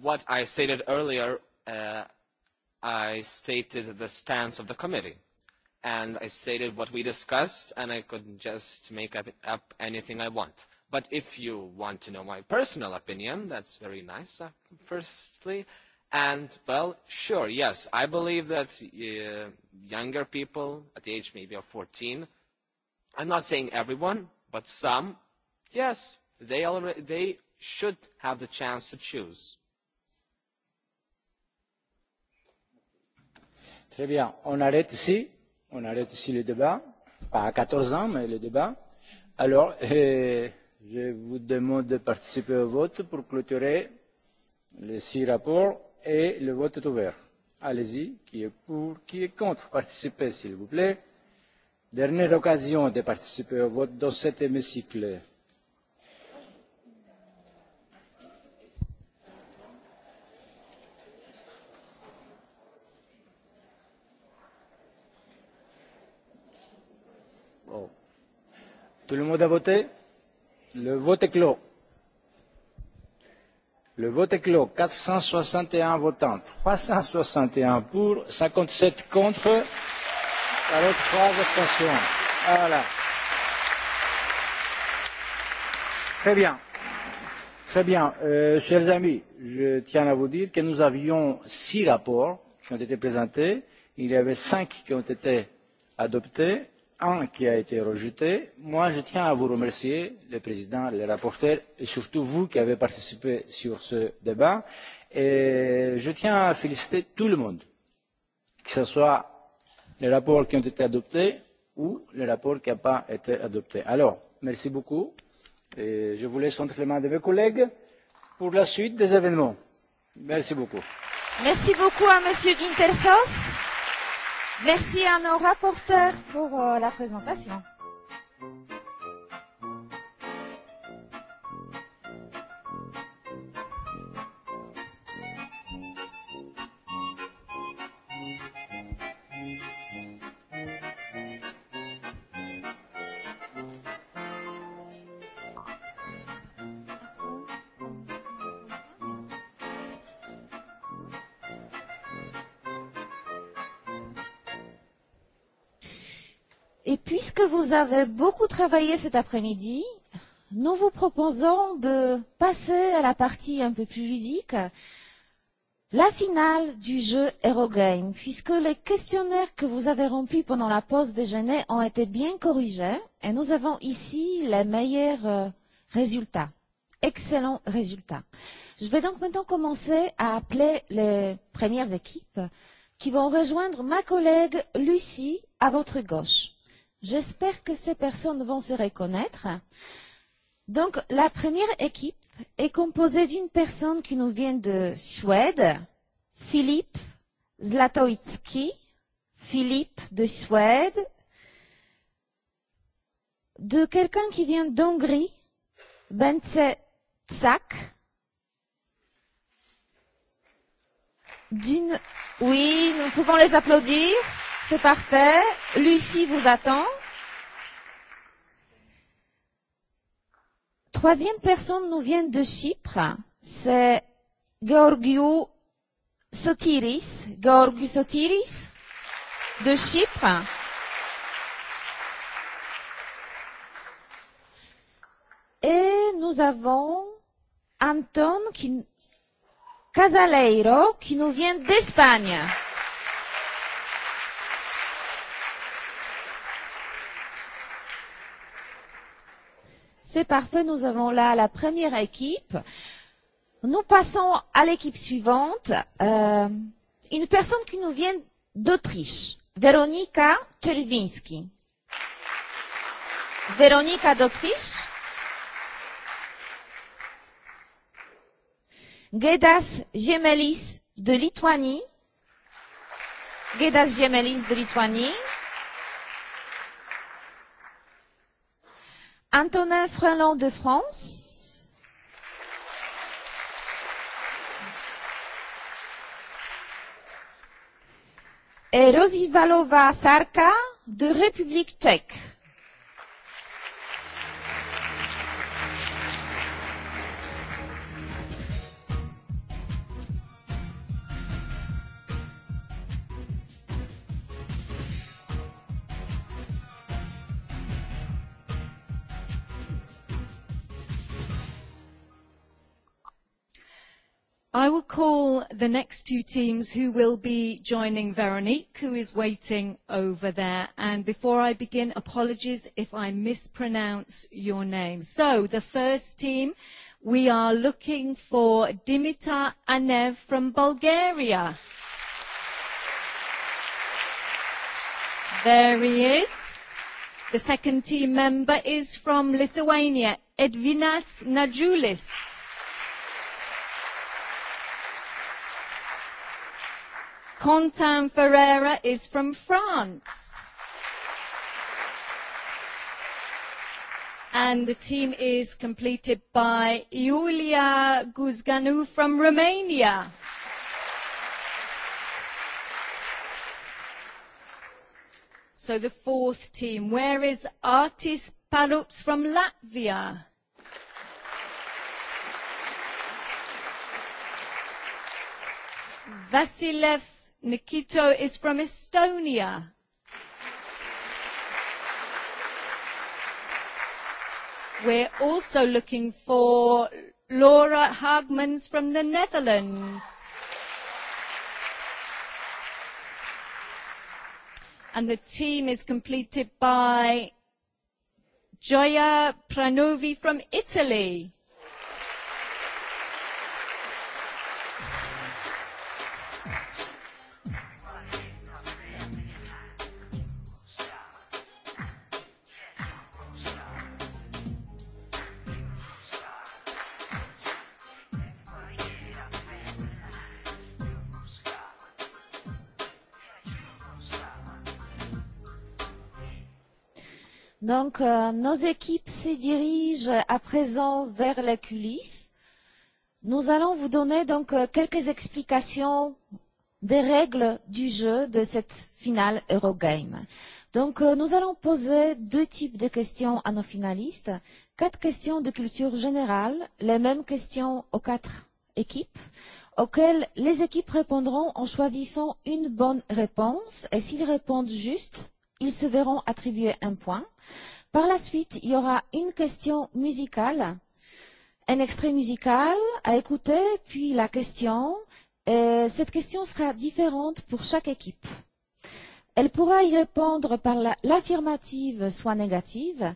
what I stated earlier, I stated the stance of the committee. And I stated what we discussed, and I could just make up anything I want. But if you want to know my personal opinion, that's very nice, firstly. And, well, sure, yes, I believe that younger people, at the age maybe of 14, I'm not saying everyone, but some, yes, they they should have the chance to choose. Très bien. On arrête ici. On arrête ici le débat. Pas à 14 ans, mais le débat. Alors, je vous demande de participer au vote pour clôturer les six rapports et le vote est ouvert. Allez-y. Qui est pour, qui est contre Participez, s'il vous plaît. Dernière occasion de participer au vote dans cet hémicycle. Tout le monde a voté Le vote est clos. Le vote est clos. 461 votants. 361 pour, 57 contre, avec 3 abstentions. Voilà. Très bien. Très bien. chers amis, je tiens à vous dire que nous avions six rapports qui ont été présentés. Il y avait cinq qui ont été adoptés un qui a été rejeté. Moi, je tiens à vous remercier, le président, les rapporteurs, et surtout vous qui avez participé sur ce débat. Et je tiens à féliciter tout le monde, que ce soit les rapports qui ont été adoptés ou les rapports qui n'ont pas été adoptés. Alors, merci beaucoup. Et je vous laisse entre les mains de mes collègues pour la suite des événements. Merci beaucoup. Merci beaucoup à Monsieur Guintersos. Merci à nos rapporteurs pour la présentation. vous avez beaucoup travaillé cet après-midi, nous vous proposons de passer à la partie un peu plus ludique, la finale du jeu Eurogame, puisque les questionnaires que vous avez remplis pendant la pause déjeuner ont été bien corrigés et nous avons ici les meilleurs résultats. Excellents résultats. Je vais donc maintenant commencer à appeler les premières équipes qui vont rejoindre ma collègue Lucie à votre gauche. J'espère que ces personnes vont se reconnaître. Donc, la première équipe est composée d'une personne qui nous vient de Suède, Philippe Zlatoitsky, Philippe de Suède, de quelqu'un qui vient d'Hongrie, Bence Tsak, d'une... Oui, nous pouvons les applaudir c'est parfait. Lucie vous attend. Troisième personne nous vient de Chypre. C'est Georgiou Sotiris. Georgiou Sotiris de Chypre. Et nous avons Anton qui... Casaleiro qui nous vient d'Espagne. C'est parfait, nous avons là la première équipe. Nous passons à l'équipe suivante. une personne qui nous vient d'Autriche, Veronika Czerwinski. Veronika d'Autriche. Gedas Gemelis de Lituanie. Gedas Gemelis de Lituanie. Antonin Freland de France. Et Rosivalova Sarka de République tchèque. I will call the next two teams who will be joining Veronique, who is waiting over there. And before I begin, apologies if I mispronounce your name. So the first team, we are looking for Dimitar Anev from Bulgaria. There he is. The second team member is from Lithuania, Edvinas Najulis. Quentin Ferreira is from France. And the team is completed by Iulia Guzganu from Romania. So the fourth team. Where is Artis Palups from Latvia? Vasilev Nikito is from Estonia. We're also looking for Laura Hagmans from the Netherlands. And the team is completed by Joya Pranovi from Italy. Donc, nos équipes se dirigent à présent vers les coulisses. Nous allons vous donner donc quelques explications des règles du jeu de cette finale Eurogame. Donc, nous allons poser deux types de questions à nos finalistes. Quatre questions de culture générale, les mêmes questions aux quatre équipes, auxquelles les équipes répondront en choisissant une bonne réponse. Et s'ils répondent juste, ils se verront attribuer un point. Par la suite, il y aura une question musicale, un extrait musical à écouter, puis la question. Cette question sera différente pour chaque équipe. Elle pourra y répondre par l'affirmative, soit négative.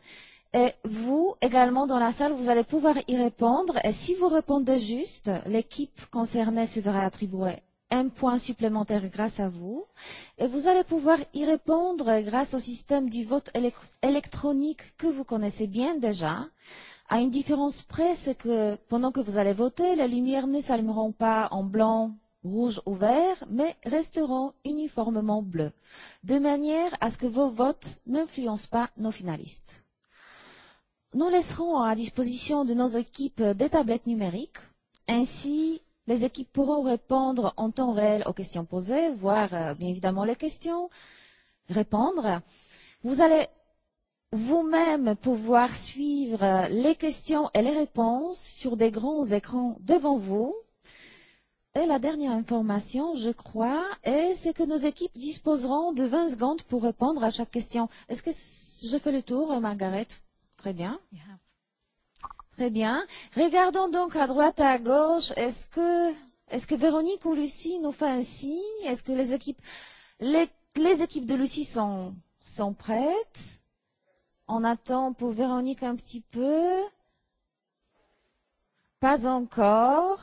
Et vous, également, dans la salle, vous allez pouvoir y répondre. Et si vous répondez juste, l'équipe concernée se verra attribuer un point supplémentaire grâce à vous. Et vous allez pouvoir y répondre grâce au système du vote électronique que vous connaissez bien déjà. À une différence près, c'est que pendant que vous allez voter, les lumières ne s'allumeront pas en blanc, rouge ou vert, mais resteront uniformément bleues, de manière à ce que vos votes n'influencent pas nos finalistes. Nous laisserons à disposition de nos équipes des tablettes numériques. Ainsi, Les équipes pourront répondre en temps réel aux questions posées, voir bien évidemment les questions, répondre. Vous allez vous-même pouvoir suivre les questions et les réponses sur des grands écrans devant vous. Et la dernière information, je crois, est c'est que nos équipes disposeront de 20 secondes pour répondre à chaque question. Est-ce que je fais le tour, Margaret Très bien. Très bien. Regardons donc à droite à gauche. Est-ce que, est-ce que Véronique ou Lucie nous fait un signe Est-ce que les équipes, les, les équipes de Lucie sont, sont prêtes On attend pour Véronique un petit peu. Pas encore.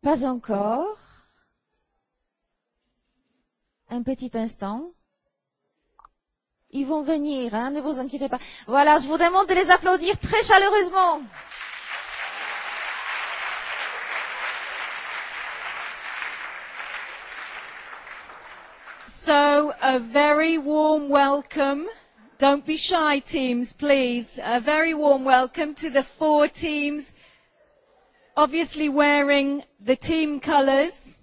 Pas encore. Un petit instant. Ils vont venir, hein, ne vous inquiétez pas. Voilà, je vous demande de les applaudir très chaleureusement. So, a very warm welcome. Don't be shy, teams, please. A very warm welcome to the four teams, obviously wearing the team colours.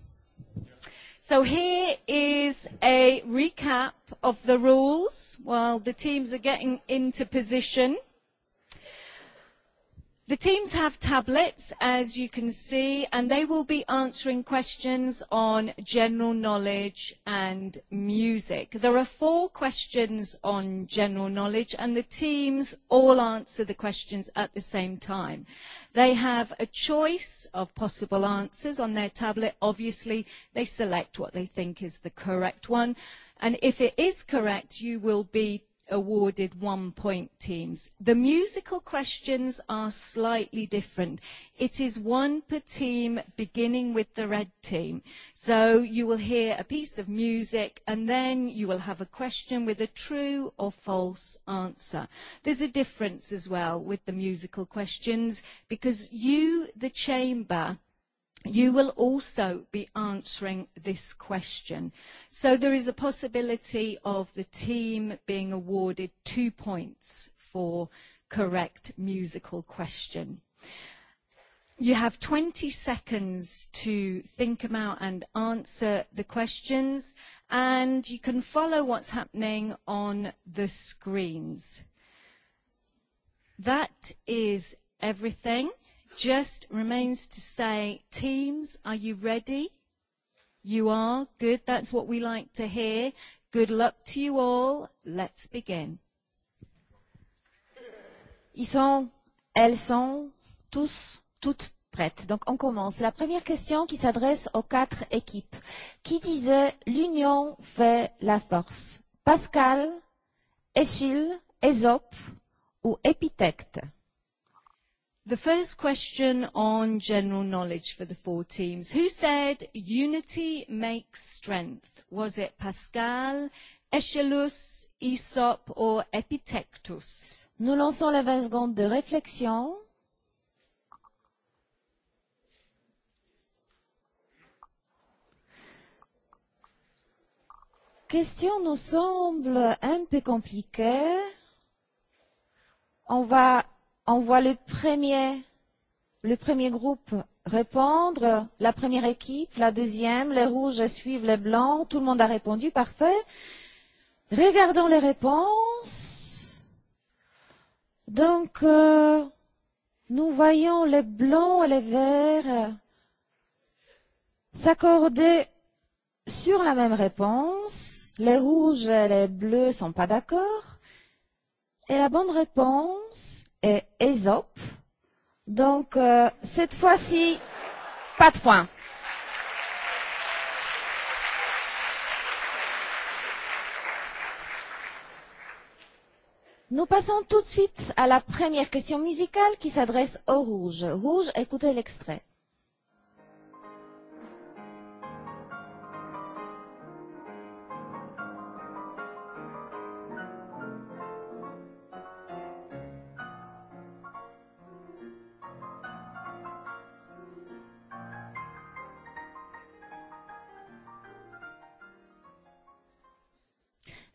So here is a recap of the rules while the teams are getting into position. The teams have tablets, as you can see, and they will be answering questions on general knowledge and music. There are four questions on general knowledge, and the teams all answer the questions at the same time. They have a choice of possible answers on their tablet. Obviously, they select what they think is the correct one, and if it is correct, you will be awarded one point teams. The musical questions are slightly different. It is one per team beginning with the red team. So you will hear a piece of music and then you will have a question with a true or false answer. There's a difference as well with the musical questions because you, the chamber, you will also be answering this question. So there is a possibility of the team being awarded two points for correct musical question. You have 20 seconds to think about and answer the questions, and you can follow what's happening on the screens. That is everything just remains to say, teams, are you ready? You are. Good. That's what we like to hear. Good luck to you all. Let's begin. Ils sont, elles sont tous, toutes prêtes. Donc on commence. La première question qui s'adresse aux quatre équipes. Qui disait l'union fait la force Pascal, Échille, Ésope ou Epitecte? The first question on general knowledge for the four teams. Who said unity makes strength? Was it Pascal, Aeschylus, Aesop or Epitectus? Nous lançons la 20 secondes de réflexion. Question nous semble un peu compliquée. On va on voit le premier, le premier groupe répondre, la première équipe, la deuxième, les rouges suivent les blancs, tout le monde a répondu, parfait. Regardons les réponses. Donc, nous voyons les blancs et les verts s'accorder sur la même réponse. Les rouges et les bleus ne sont pas d'accord. Et la bonne réponse, Aesop. Donc, cette fois-ci, pas de points. Nous passons tout de suite à la première question musicale qui s'adresse au rouge. Rouge, écoutez l'extrait.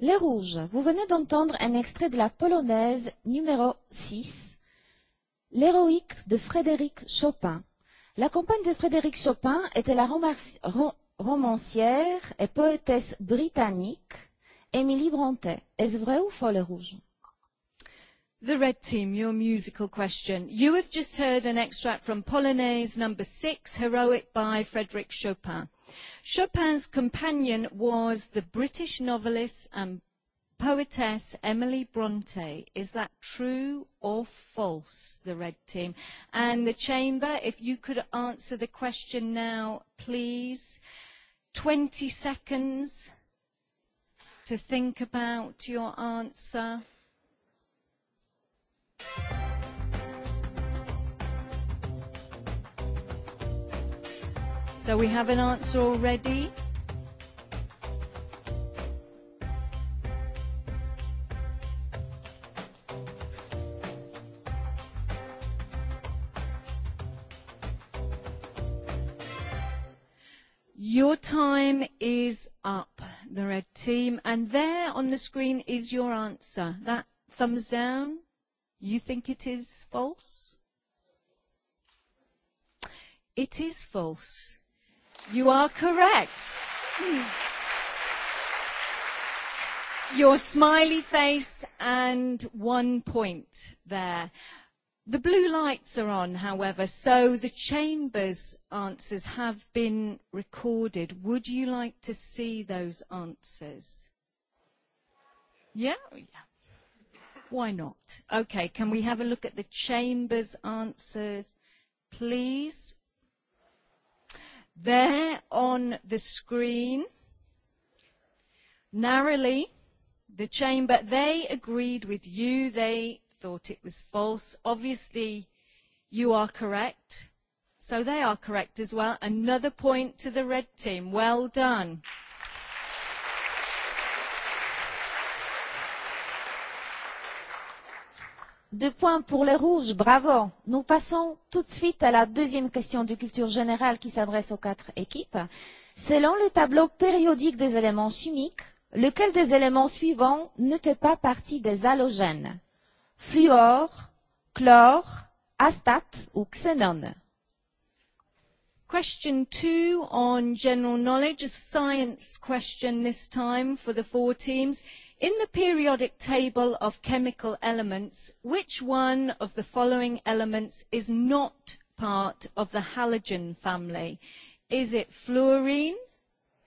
Les Rouges, vous venez d'entendre un extrait de la polonaise numéro 6, L'héroïque de Frédéric Chopin. La compagne de Frédéric Chopin était la romancière et poétesse britannique Émilie Brontë. Est-ce vrai ou faux, Les Rouges The Red Team, your musical question. You have just heard an extract from Polonaise number six, Heroic by Frédéric Chopin. Chopin's companion was the British novelist and poetess Emily Bronte. Is that true or false, the Red Team? And the Chamber, if you could answer the question now, please. 20 seconds to think about your answer. So we have an answer already. Your time is up, the red team, and there on the screen is your answer. That thumbs down You think it is false? It is false. You are correct. Your smiley face and one point there. The blue lights are on, however, so the Chamber's answers have been recorded. Would you like to see those answers? Yeah? Yeah. Why not? Okay, can we have a look at the Chamber's answers, please? There on the screen, narrowly, the Chamber, they agreed with you. They thought it was false. Obviously, you are correct. So they are correct as well. Another point to the red team. Well done. Deux points pour les rouges, bravo. Nous passons tout de suite à la deuxième question de culture générale qui s'adresse aux quatre équipes. Selon le tableau périodique des éléments chimiques, lequel des éléments suivants ne fait pas partie des halogènes Fluor, chlore, astate ou xénone Question 2 on general knowledge, a science question this time for the four teams. In the periodic table of chemical elements, which one of the following elements is not part of the halogen family? Is it fluorine,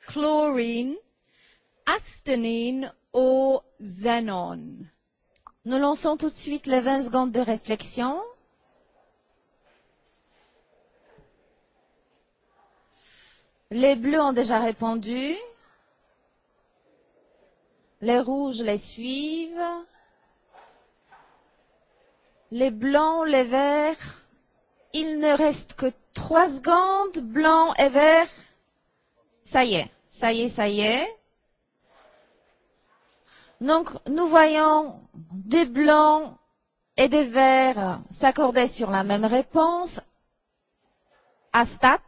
chlorine, astenine or xenon? Nous lançons tout de suite les 20 secondes de réflexion. Les bleus ont déjà répondu. Les rouges les suivent. Les blancs, les verts. Il ne reste que trois secondes. Blanc et verts. Ça y est, ça y est, ça y est. Donc, nous voyons des blancs et des verts s'accorder sur la même réponse. À stat,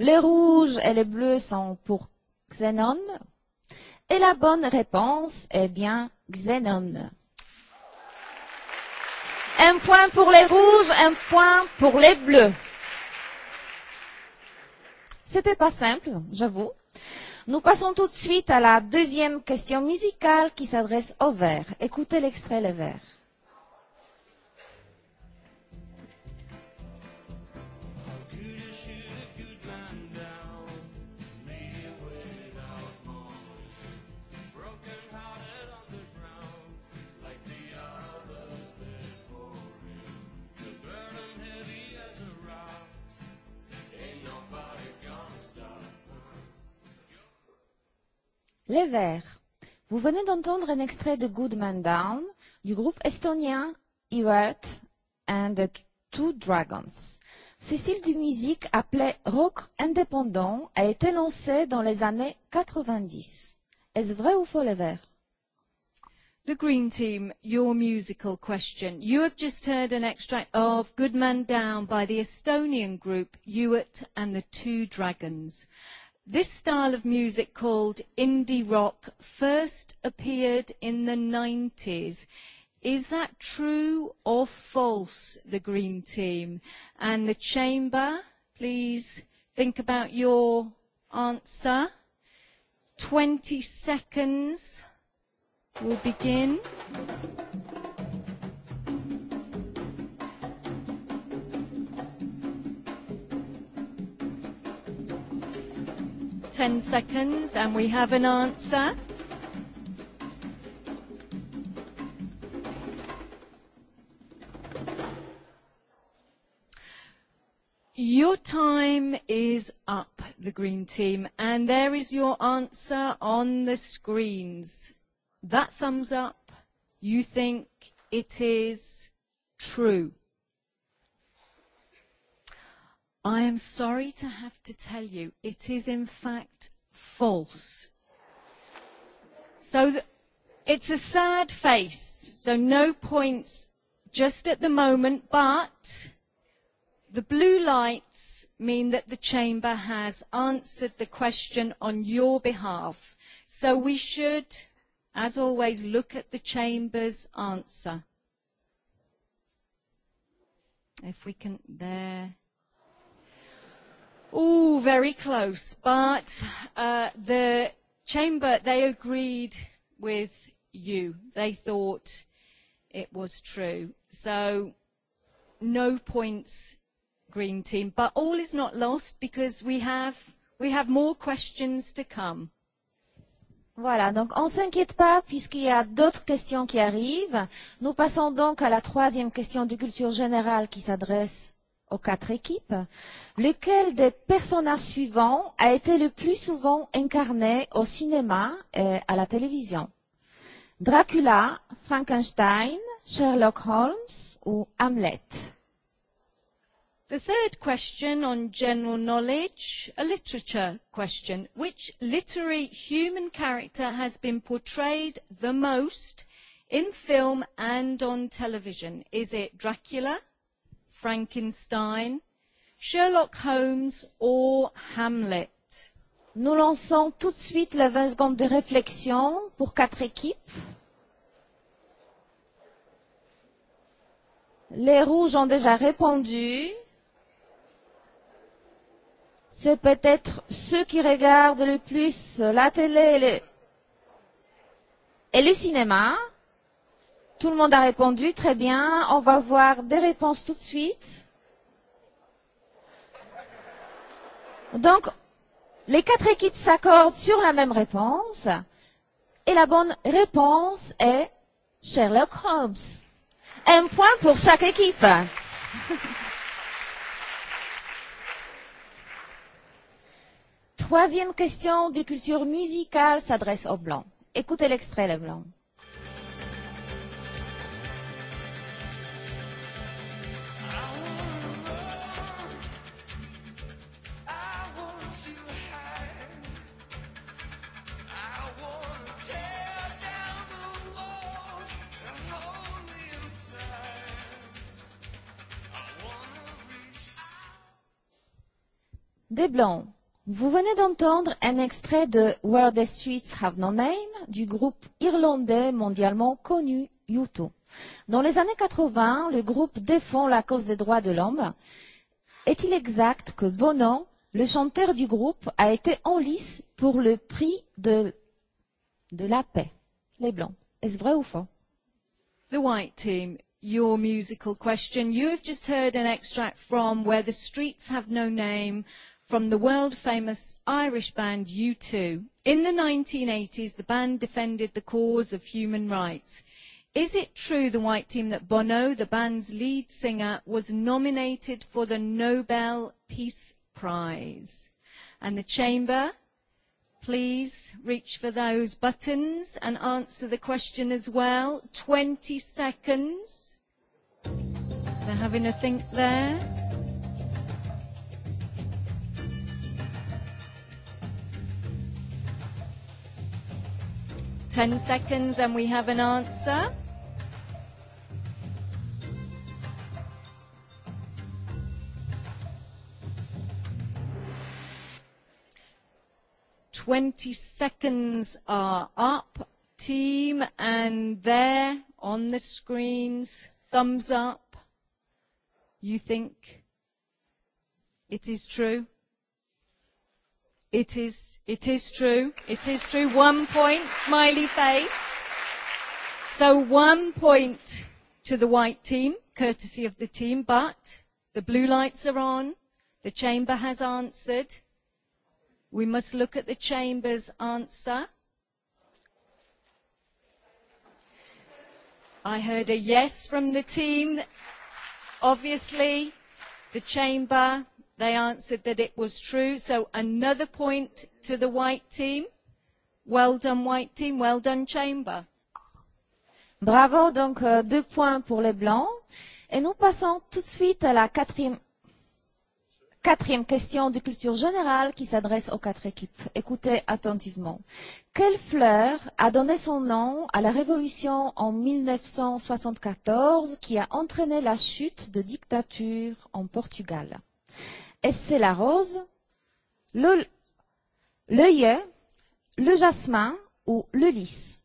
les rouges et les bleus sont pour Xenon, Et la bonne réponse est bien Xénon. Un point pour les rouges, un point pour les bleus. C'était pas simple, j'avoue. Nous passons tout de suite à la deuxième question musicale qui s'adresse au vert. Écoutez l'extrait Les Verts. Les Verts. Vous venez d'entendre un extrait de Goodman Down du groupe estonien Ewart and the Two Dragons. Ce style de musique appelé rock indépendant a été lancé dans les années 90. Est-ce vrai ou faux les Verts? The Green Team, your musical question. You have just heard an extract of Good Man Down by the Estonian group Ewart and the Two Dragons. This style of music called indie rock first appeared in the 90s. Is that true or false, the Green Team? And the Chamber, please think about your answer. 20 seconds will begin. 10 seconds and we have an answer. Your time is up, the green team, and there is your answer on the screens. That thumbs up, you think it is true. I am sorry to have to tell you, it is in fact false. So it's a sad face, so no points just at the moment, but the blue lights mean that the chamber has answered the question on your behalf. So we should, as always, look at the chamber's answer. If we can, there. Oh, very close. But the chamber, they agreed with you. They thought it was true. So no points, green team. But all is not lost because we have, we have more questions to come. Voilà, donc on ne s'inquiète pas puisqu'il y a d'autres questions qui arrivent. Nous passons donc à la troisième question de culture générale qui s'adresse aux quatre équipes, lequel des personnages suivants a été le plus souvent incarné au cinéma et à la télévision Dracula, Frankenstein, Sherlock Holmes ou Hamlet The third question on general knowledge, a literature question. Which literary human character has been portrayed the most in film and on television? Is it Dracula, Frankenstein, Sherlock Holmes ou Hamlet. Nous lançons tout de suite les 20 secondes de réflexion pour quatre équipes. Les rouges ont déjà répondu. C'est peut-être ceux qui regardent le plus la télé et le cinéma. Tout le monde a répondu, très bien. On va voir des réponses tout de suite. Donc, les quatre équipes s'accordent sur la même réponse. Et la bonne réponse est Sherlock Holmes. Un point pour chaque équipe. Troisième question de culture musicale s'adresse aux Blancs. Écoutez l'extrait, les Blancs. des Blancs. Vous venez d'entendre un extrait de Where the Streets Have No Name du groupe irlandais mondialement connu U2. Dans les années 80, le groupe défend la cause des droits de l'homme. Est-il exact que Bono, le chanteur du groupe, a été en lice pour le prix de, de la paix Les Blancs. Est-ce vrai ou faux The White Team, your musical question. You have just heard an extract from Where the Streets Have No Name from the world-famous Irish band U2. In the 1980s, the band defended the cause of human rights. Is it true, the White Team, that Bono, the band's lead singer, was nominated for the Nobel Peace Prize? And the Chamber, please reach for those buttons and answer the question as well. 20 seconds. They're having a think there. 10 seconds and we have an answer. Twenty seconds are up, team, and there on the screens, thumbs up. You think it is true? It is, it is true. It is true. One point, smiley face. So one point to the white team, courtesy of the team, but the blue lights are on. The chamber has answered. We must look at the chamber's answer. I heard a yes from the team. Obviously, the chamber They answered that it was true. So another point to the white team. Well done, white team. Well done, chamber. Bravo, donc deux points pour les blancs. Et nous passons tout de suite à la quatrième, quatrième question de culture générale qui s'adresse aux quatre équipes. Écoutez attentivement. Quelle fleur a donné son nom à la révolution en 1974 qui a entraîné la chute de dictature en Portugal et c'est la rose, le, l'œillet, le jasmin ou le lys.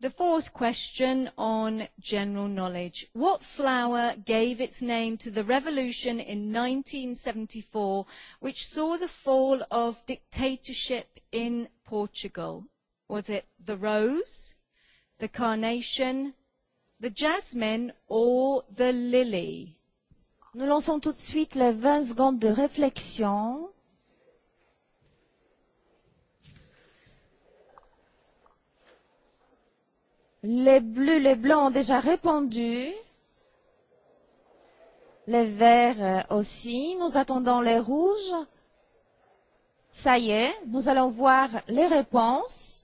The fourth question on general knowledge. What flower gave its name to the revolution in 1974 which saw the fall of dictatorship in Portugal? Was it the rose, the carnation, the jasmine or the lily? Nous lançons tout de suite les 20 secondes de réflexion. Les bleus, les blancs ont déjà répondu. Les verts aussi. Nous attendons les rouges. Ça y est, nous allons voir les réponses.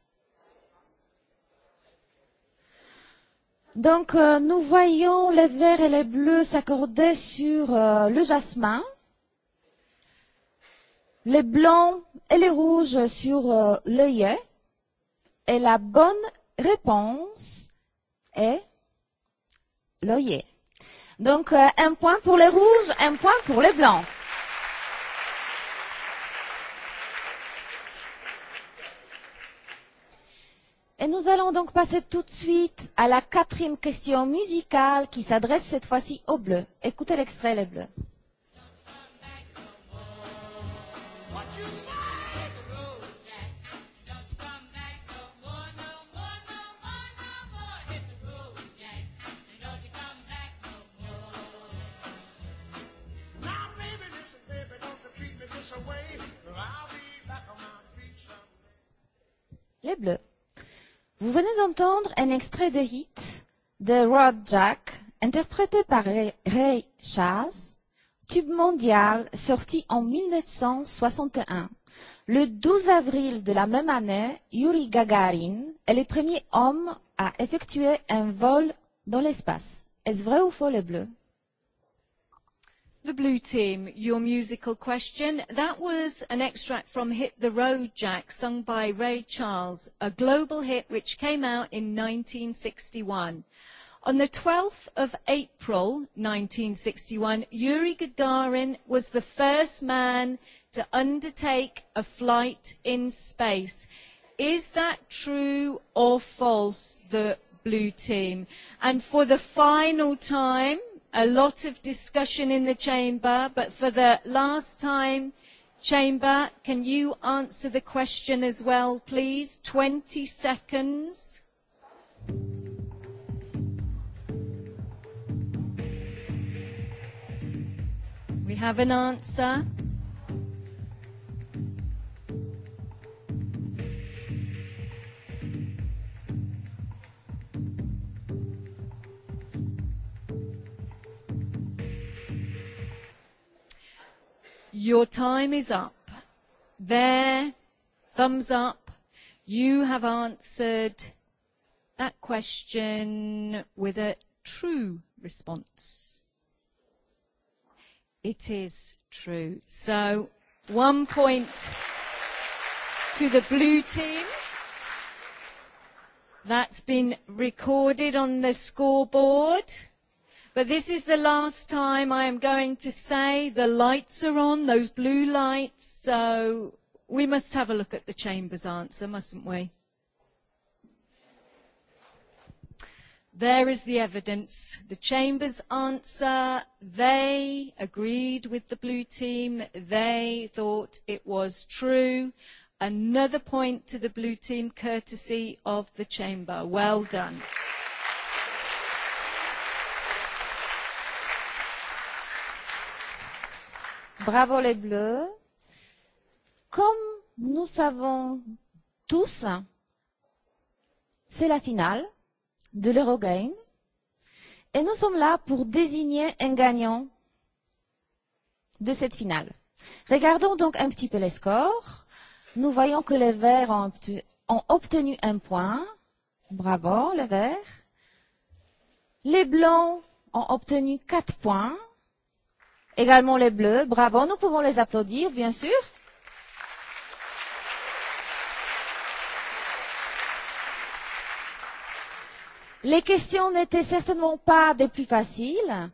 Donc, nous voyons les verts et les bleus s'accorder sur le jasmin, les blancs et les rouges sur l'œillet. Et la bonne réponse est l'œillet. Donc, un point pour les rouges, un point pour les blancs. Et nous allons donc passer tout de suite à la quatrième question musicale qui s'adresse cette fois-ci aux Bleus. Écoutez l'extrait, les Bleus. Les Bleus. Vous venez d'entendre un extrait de hit de Rod Jack, interprété par Ray Charles, tube mondial sorti en 1961. Le 12 avril de la même année, Yuri Gagarin est le premier homme à effectuer un vol dans l'espace. Est-ce vrai ou faux les bleus The Blue Team, your musical question. That was an extract from Hit the Road Jack, sung by Ray Charles, a global hit which came out in 1961. On the 12th of April 1961, Yuri Gagarin was the first man to undertake a flight in space. Is that true or false, the Blue Team? And for the final time, a lot of discussion in the chamber, but for the last time, chamber, can you answer the question as well, please? 20 seconds. We have an answer. Your time is up. There, thumbs up. You have answered that question with a true response. It is true. So, one point to the blue team. That's been recorded on the scoreboard. But this is the last time I am going to say the lights are on, those blue lights, so we must have a look at the Chamber's answer, mustn't we? There is the evidence. The Chamber's answer, they agreed with the blue team. They thought it was true. Another point to the blue team, courtesy of the Chamber. Well done. Bravo les Bleus. Comme nous savons tous, c'est la finale de l'Eurogame et nous sommes là pour désigner un gagnant de cette finale. Regardons donc un petit peu les scores. Nous voyons que les Verts ont obtenu un point. Bravo les Verts. Les Blancs ont obtenu quatre points. Également les bleus, bravo, nous pouvons les applaudir, bien sûr. Les questions n'étaient certainement pas des plus faciles.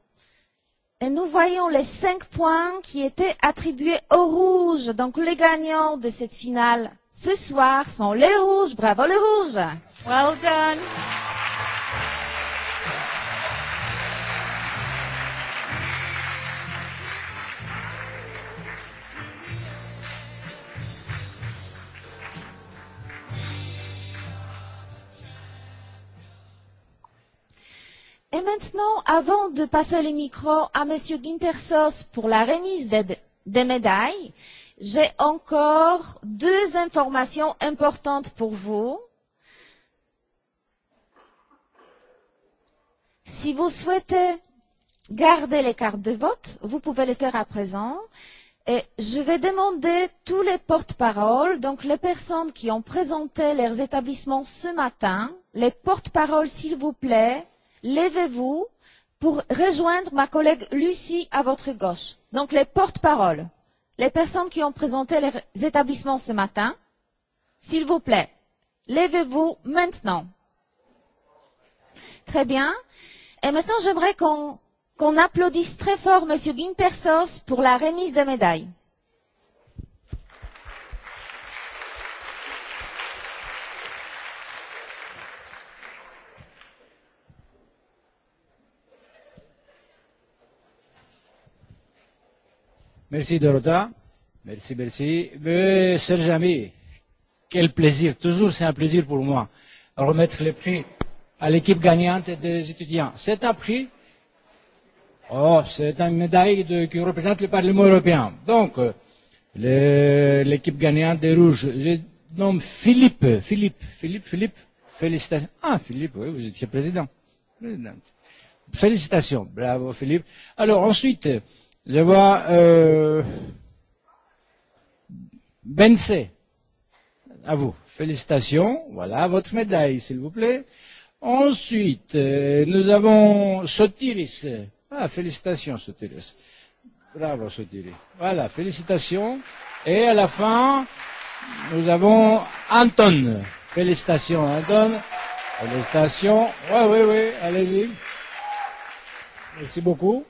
Et nous voyons les cinq points qui étaient attribués aux rouges. Donc les gagnants de cette finale ce soir sont les rouges. Bravo les rouges. Well done. Et maintenant, avant de passer le micro à Monsieur Gintersos pour la remise des médailles, j'ai encore deux informations importantes pour vous. Si vous souhaitez garder les cartes de vote, vous pouvez les faire à présent. Et je vais demander tous les porte-paroles, donc les personnes qui ont présenté leurs établissements ce matin, les porte-paroles, s'il vous plaît, Levez-vous pour rejoindre ma collègue Lucie à votre gauche. Donc les porte-paroles, les personnes qui ont présenté les établissements ce matin, s'il vous plaît, levez-vous maintenant. Très bien. Et maintenant, j'aimerais qu'on qu'on applaudisse très fort Monsieur Guintersos pour la remise des médailles. Merci Dorota. Merci, merci. Mais, Sir Jamy, quel plaisir. Toujours, c'est un plaisir pour moi. Remettre le prix à l'équipe gagnante des étudiants. C'est un prix. Oh, c'est une médaille de, qui représente le Parlement européen. Donc, l'équipe gagnante des rouges, je nomme Philippe. Philippe, Philippe, Philippe. Félicitations. Ah, Philippe, oui, vous étiez président. Félicitations. Bravo, Philippe. Alors, ensuite, Je vois euh, Bensé. À vous. Félicitations. Voilà votre médaille, s'il vous plaît. Ensuite, nous avons Sotiris. Ah, félicitations, Sotiris. Bravo, Sotiris. Voilà, félicitations. Et à la fin, nous avons Anton. Félicitations, Anton. Félicitations. Oui, oui, oui, allez-y. Merci beaucoup.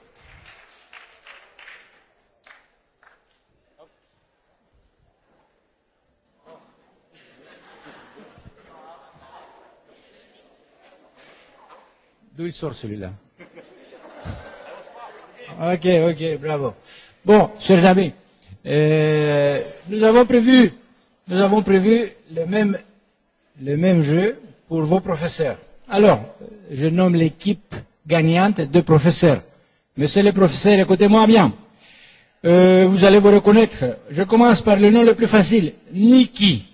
D'où il sort celui-là Ok, ok, bravo. Bon, chers amis, euh, nous avons prévu, nous avons prévu le même, le même jeu pour vos professeurs. Alors, je nomme l'équipe gagnante de professeurs. Monsieur le professeur, écoutez-moi bien. Euh, vous allez vous reconnaître. Je commence par le nom le plus facile, Niki.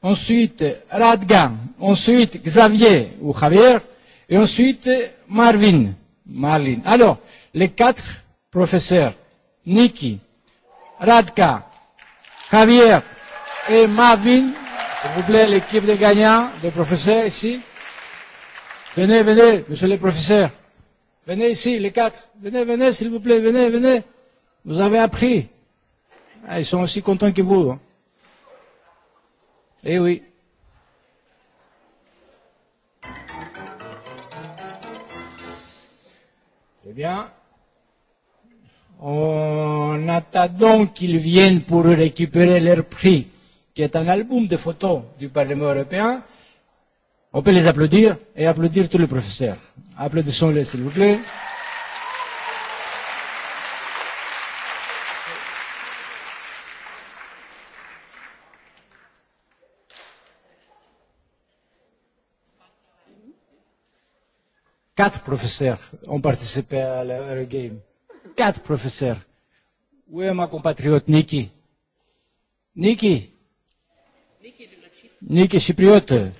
Ensuite, Radgan, Ensuite, Xavier ou Javier Et ensuite, Marvin. Marlin. Alors, les quatre professeurs, Niki, Radka, Javier et Marvin, s'il vous plaît, l'équipe des gagnants, des professeurs ici. Venez, venez, monsieur le professeur. Venez ici, les quatre. Venez, venez, s'il vous plaît, venez, venez. Vous avez appris. Ah, ils sont aussi contents que vous. Eh oui. Eh bien. En attendant qu'ils viennent pour récupérer leur prix, qui est un album de photos du Parlement européen, on peut les applaudir et applaudir tous les professeurs. Applaudissons-les, s'il vous plaît. Quatre professeurs ont participé à l'Eurogame. Quatre professeurs. Où est ma compatriote Niki Niki Niki Chypriote.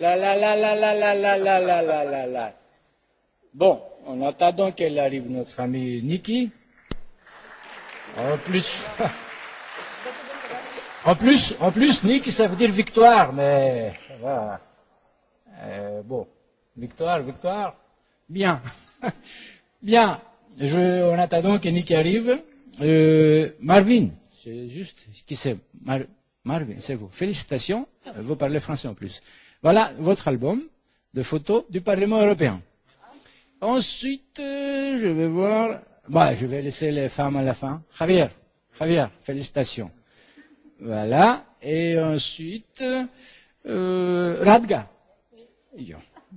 La la la la la la la la la la la la. Bon, en attendant qu'elle arrive, notre famille Niki. En plus. En plus, en plus, Nick, ça veut dire victoire, mais voilà. Euh, bon, victoire, victoire. Bien. Bien. Je, on attend donc que Nick arrive. Euh, Marvin, c'est juste qui c'est. Mar Marvin, c'est vous. Félicitations. Vous parlez français en plus. Voilà votre album de photos du Parlement européen. Ensuite, je vais voir. Bah, je vais laisser les femmes à la fin. Javier, Javier, félicitations. Voilà. Et ensuite, euh, Radga.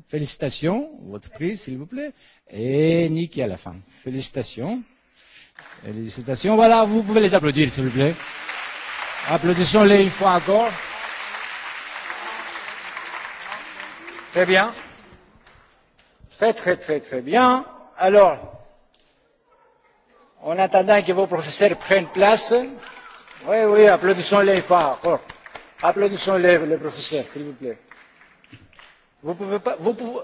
Félicitations. Votre prix, s'il vous plaît. Et Niki à la fin. Félicitations. Félicitations. Voilà, vous pouvez les applaudir, s'il vous plaît. Applaudissons-les une fois encore. Très bien. Très, très, très, très bien. Alors, en attendant que vos professeurs prennent place, Oui, oui, applaudissons-les fort, Applaudissons-les, le professeur, s'il vous plaît. Vous pouvez pas, vous pouvez,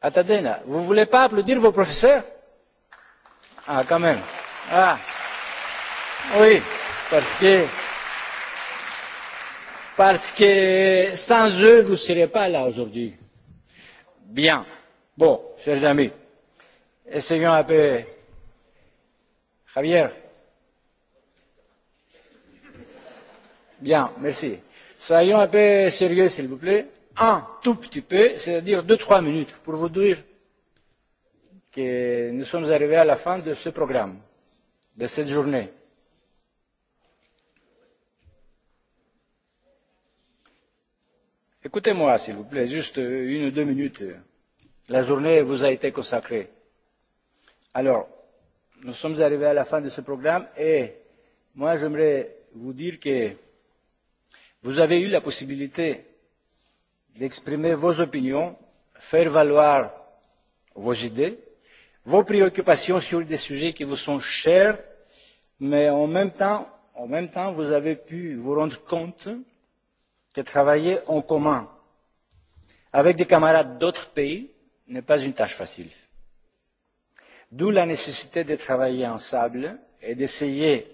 attendez là, vous voulez pas applaudir vos professeurs Ah, quand même. Ah, oui, parce que, parce que sans eux, vous ne serez pas là aujourd'hui. Bien. Bon, chers amis, essayons un peu. Javier, Bien, merci. Soyons un peu sérieux, s'il vous plaît. Un tout petit peu, c'est-à-dire deux, trois minutes, pour vous dire que nous sommes arrivés à la fin de ce programme, de cette journée. Écoutez-moi, s'il vous plaît, juste une ou deux minutes. La journée vous a été consacrée. Alors, nous sommes arrivés à la fin de ce programme et moi, j'aimerais vous dire que Vous avez eu la possibilité d'exprimer vos opinions, faire valoir vos idées, vos préoccupations sur des sujets qui vous sont chers, mais en même temps, en même temps, vous avez pu vous rendre compte que travailler en commun avec des camarades d'autres pays n'est pas une tâche facile. D'où la nécessité de travailler ensemble et d'essayer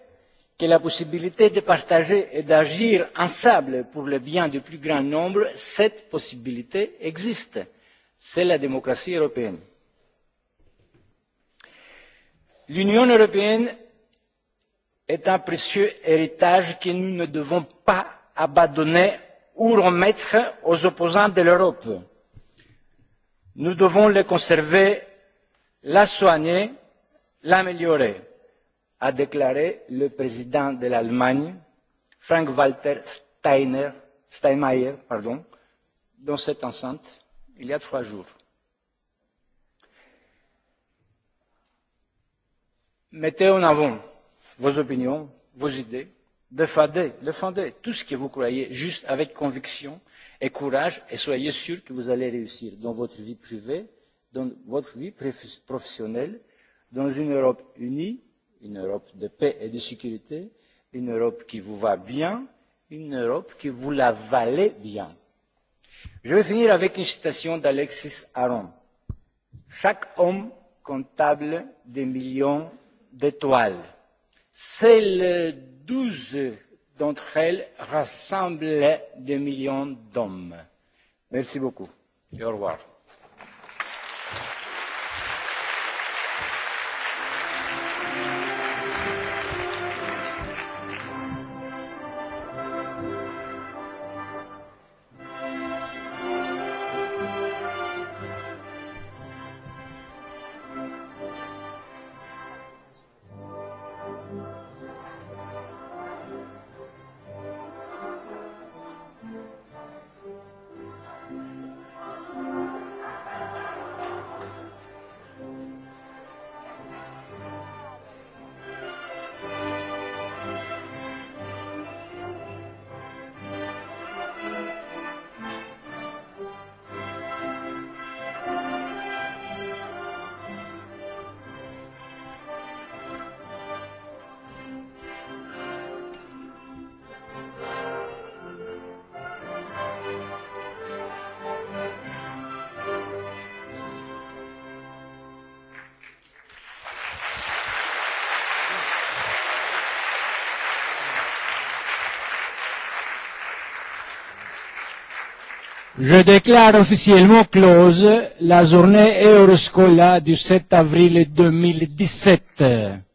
que la possibilité de partager et d'agir ensemble pour le bien du plus grand nombre, cette possibilité existe. C'est la démocratie européenne. L'Union européenne est un précieux héritage que nous ne devons pas abandonner ou remettre aux opposants de l'Europe. Nous devons le conserver, la soigner, l'améliorer a déclaré le président de l'Allemagne, Frank-Walter Steinmeier, dans cette enceinte, il y a trois jours. Mettez en avant vos opinions, vos idées, défendez, défendez tout ce que vous croyez, juste avec conviction et courage, et soyez sûr que vous allez réussir dans votre vie privée, dans votre vie professionnelle, dans une Europe unie, une Europe de paix et de sécurité, une Europe qui vous va bien, une Europe qui vous la valait bien. Je vais finir avec une citation d'Alexis Aron. Chaque homme comptable des millions d'étoiles. Seules douze d'entre elles rassemblent des millions d'hommes. Merci beaucoup et au revoir. Je déclare officiellement close la journée Euroscola du 7 avril 2017.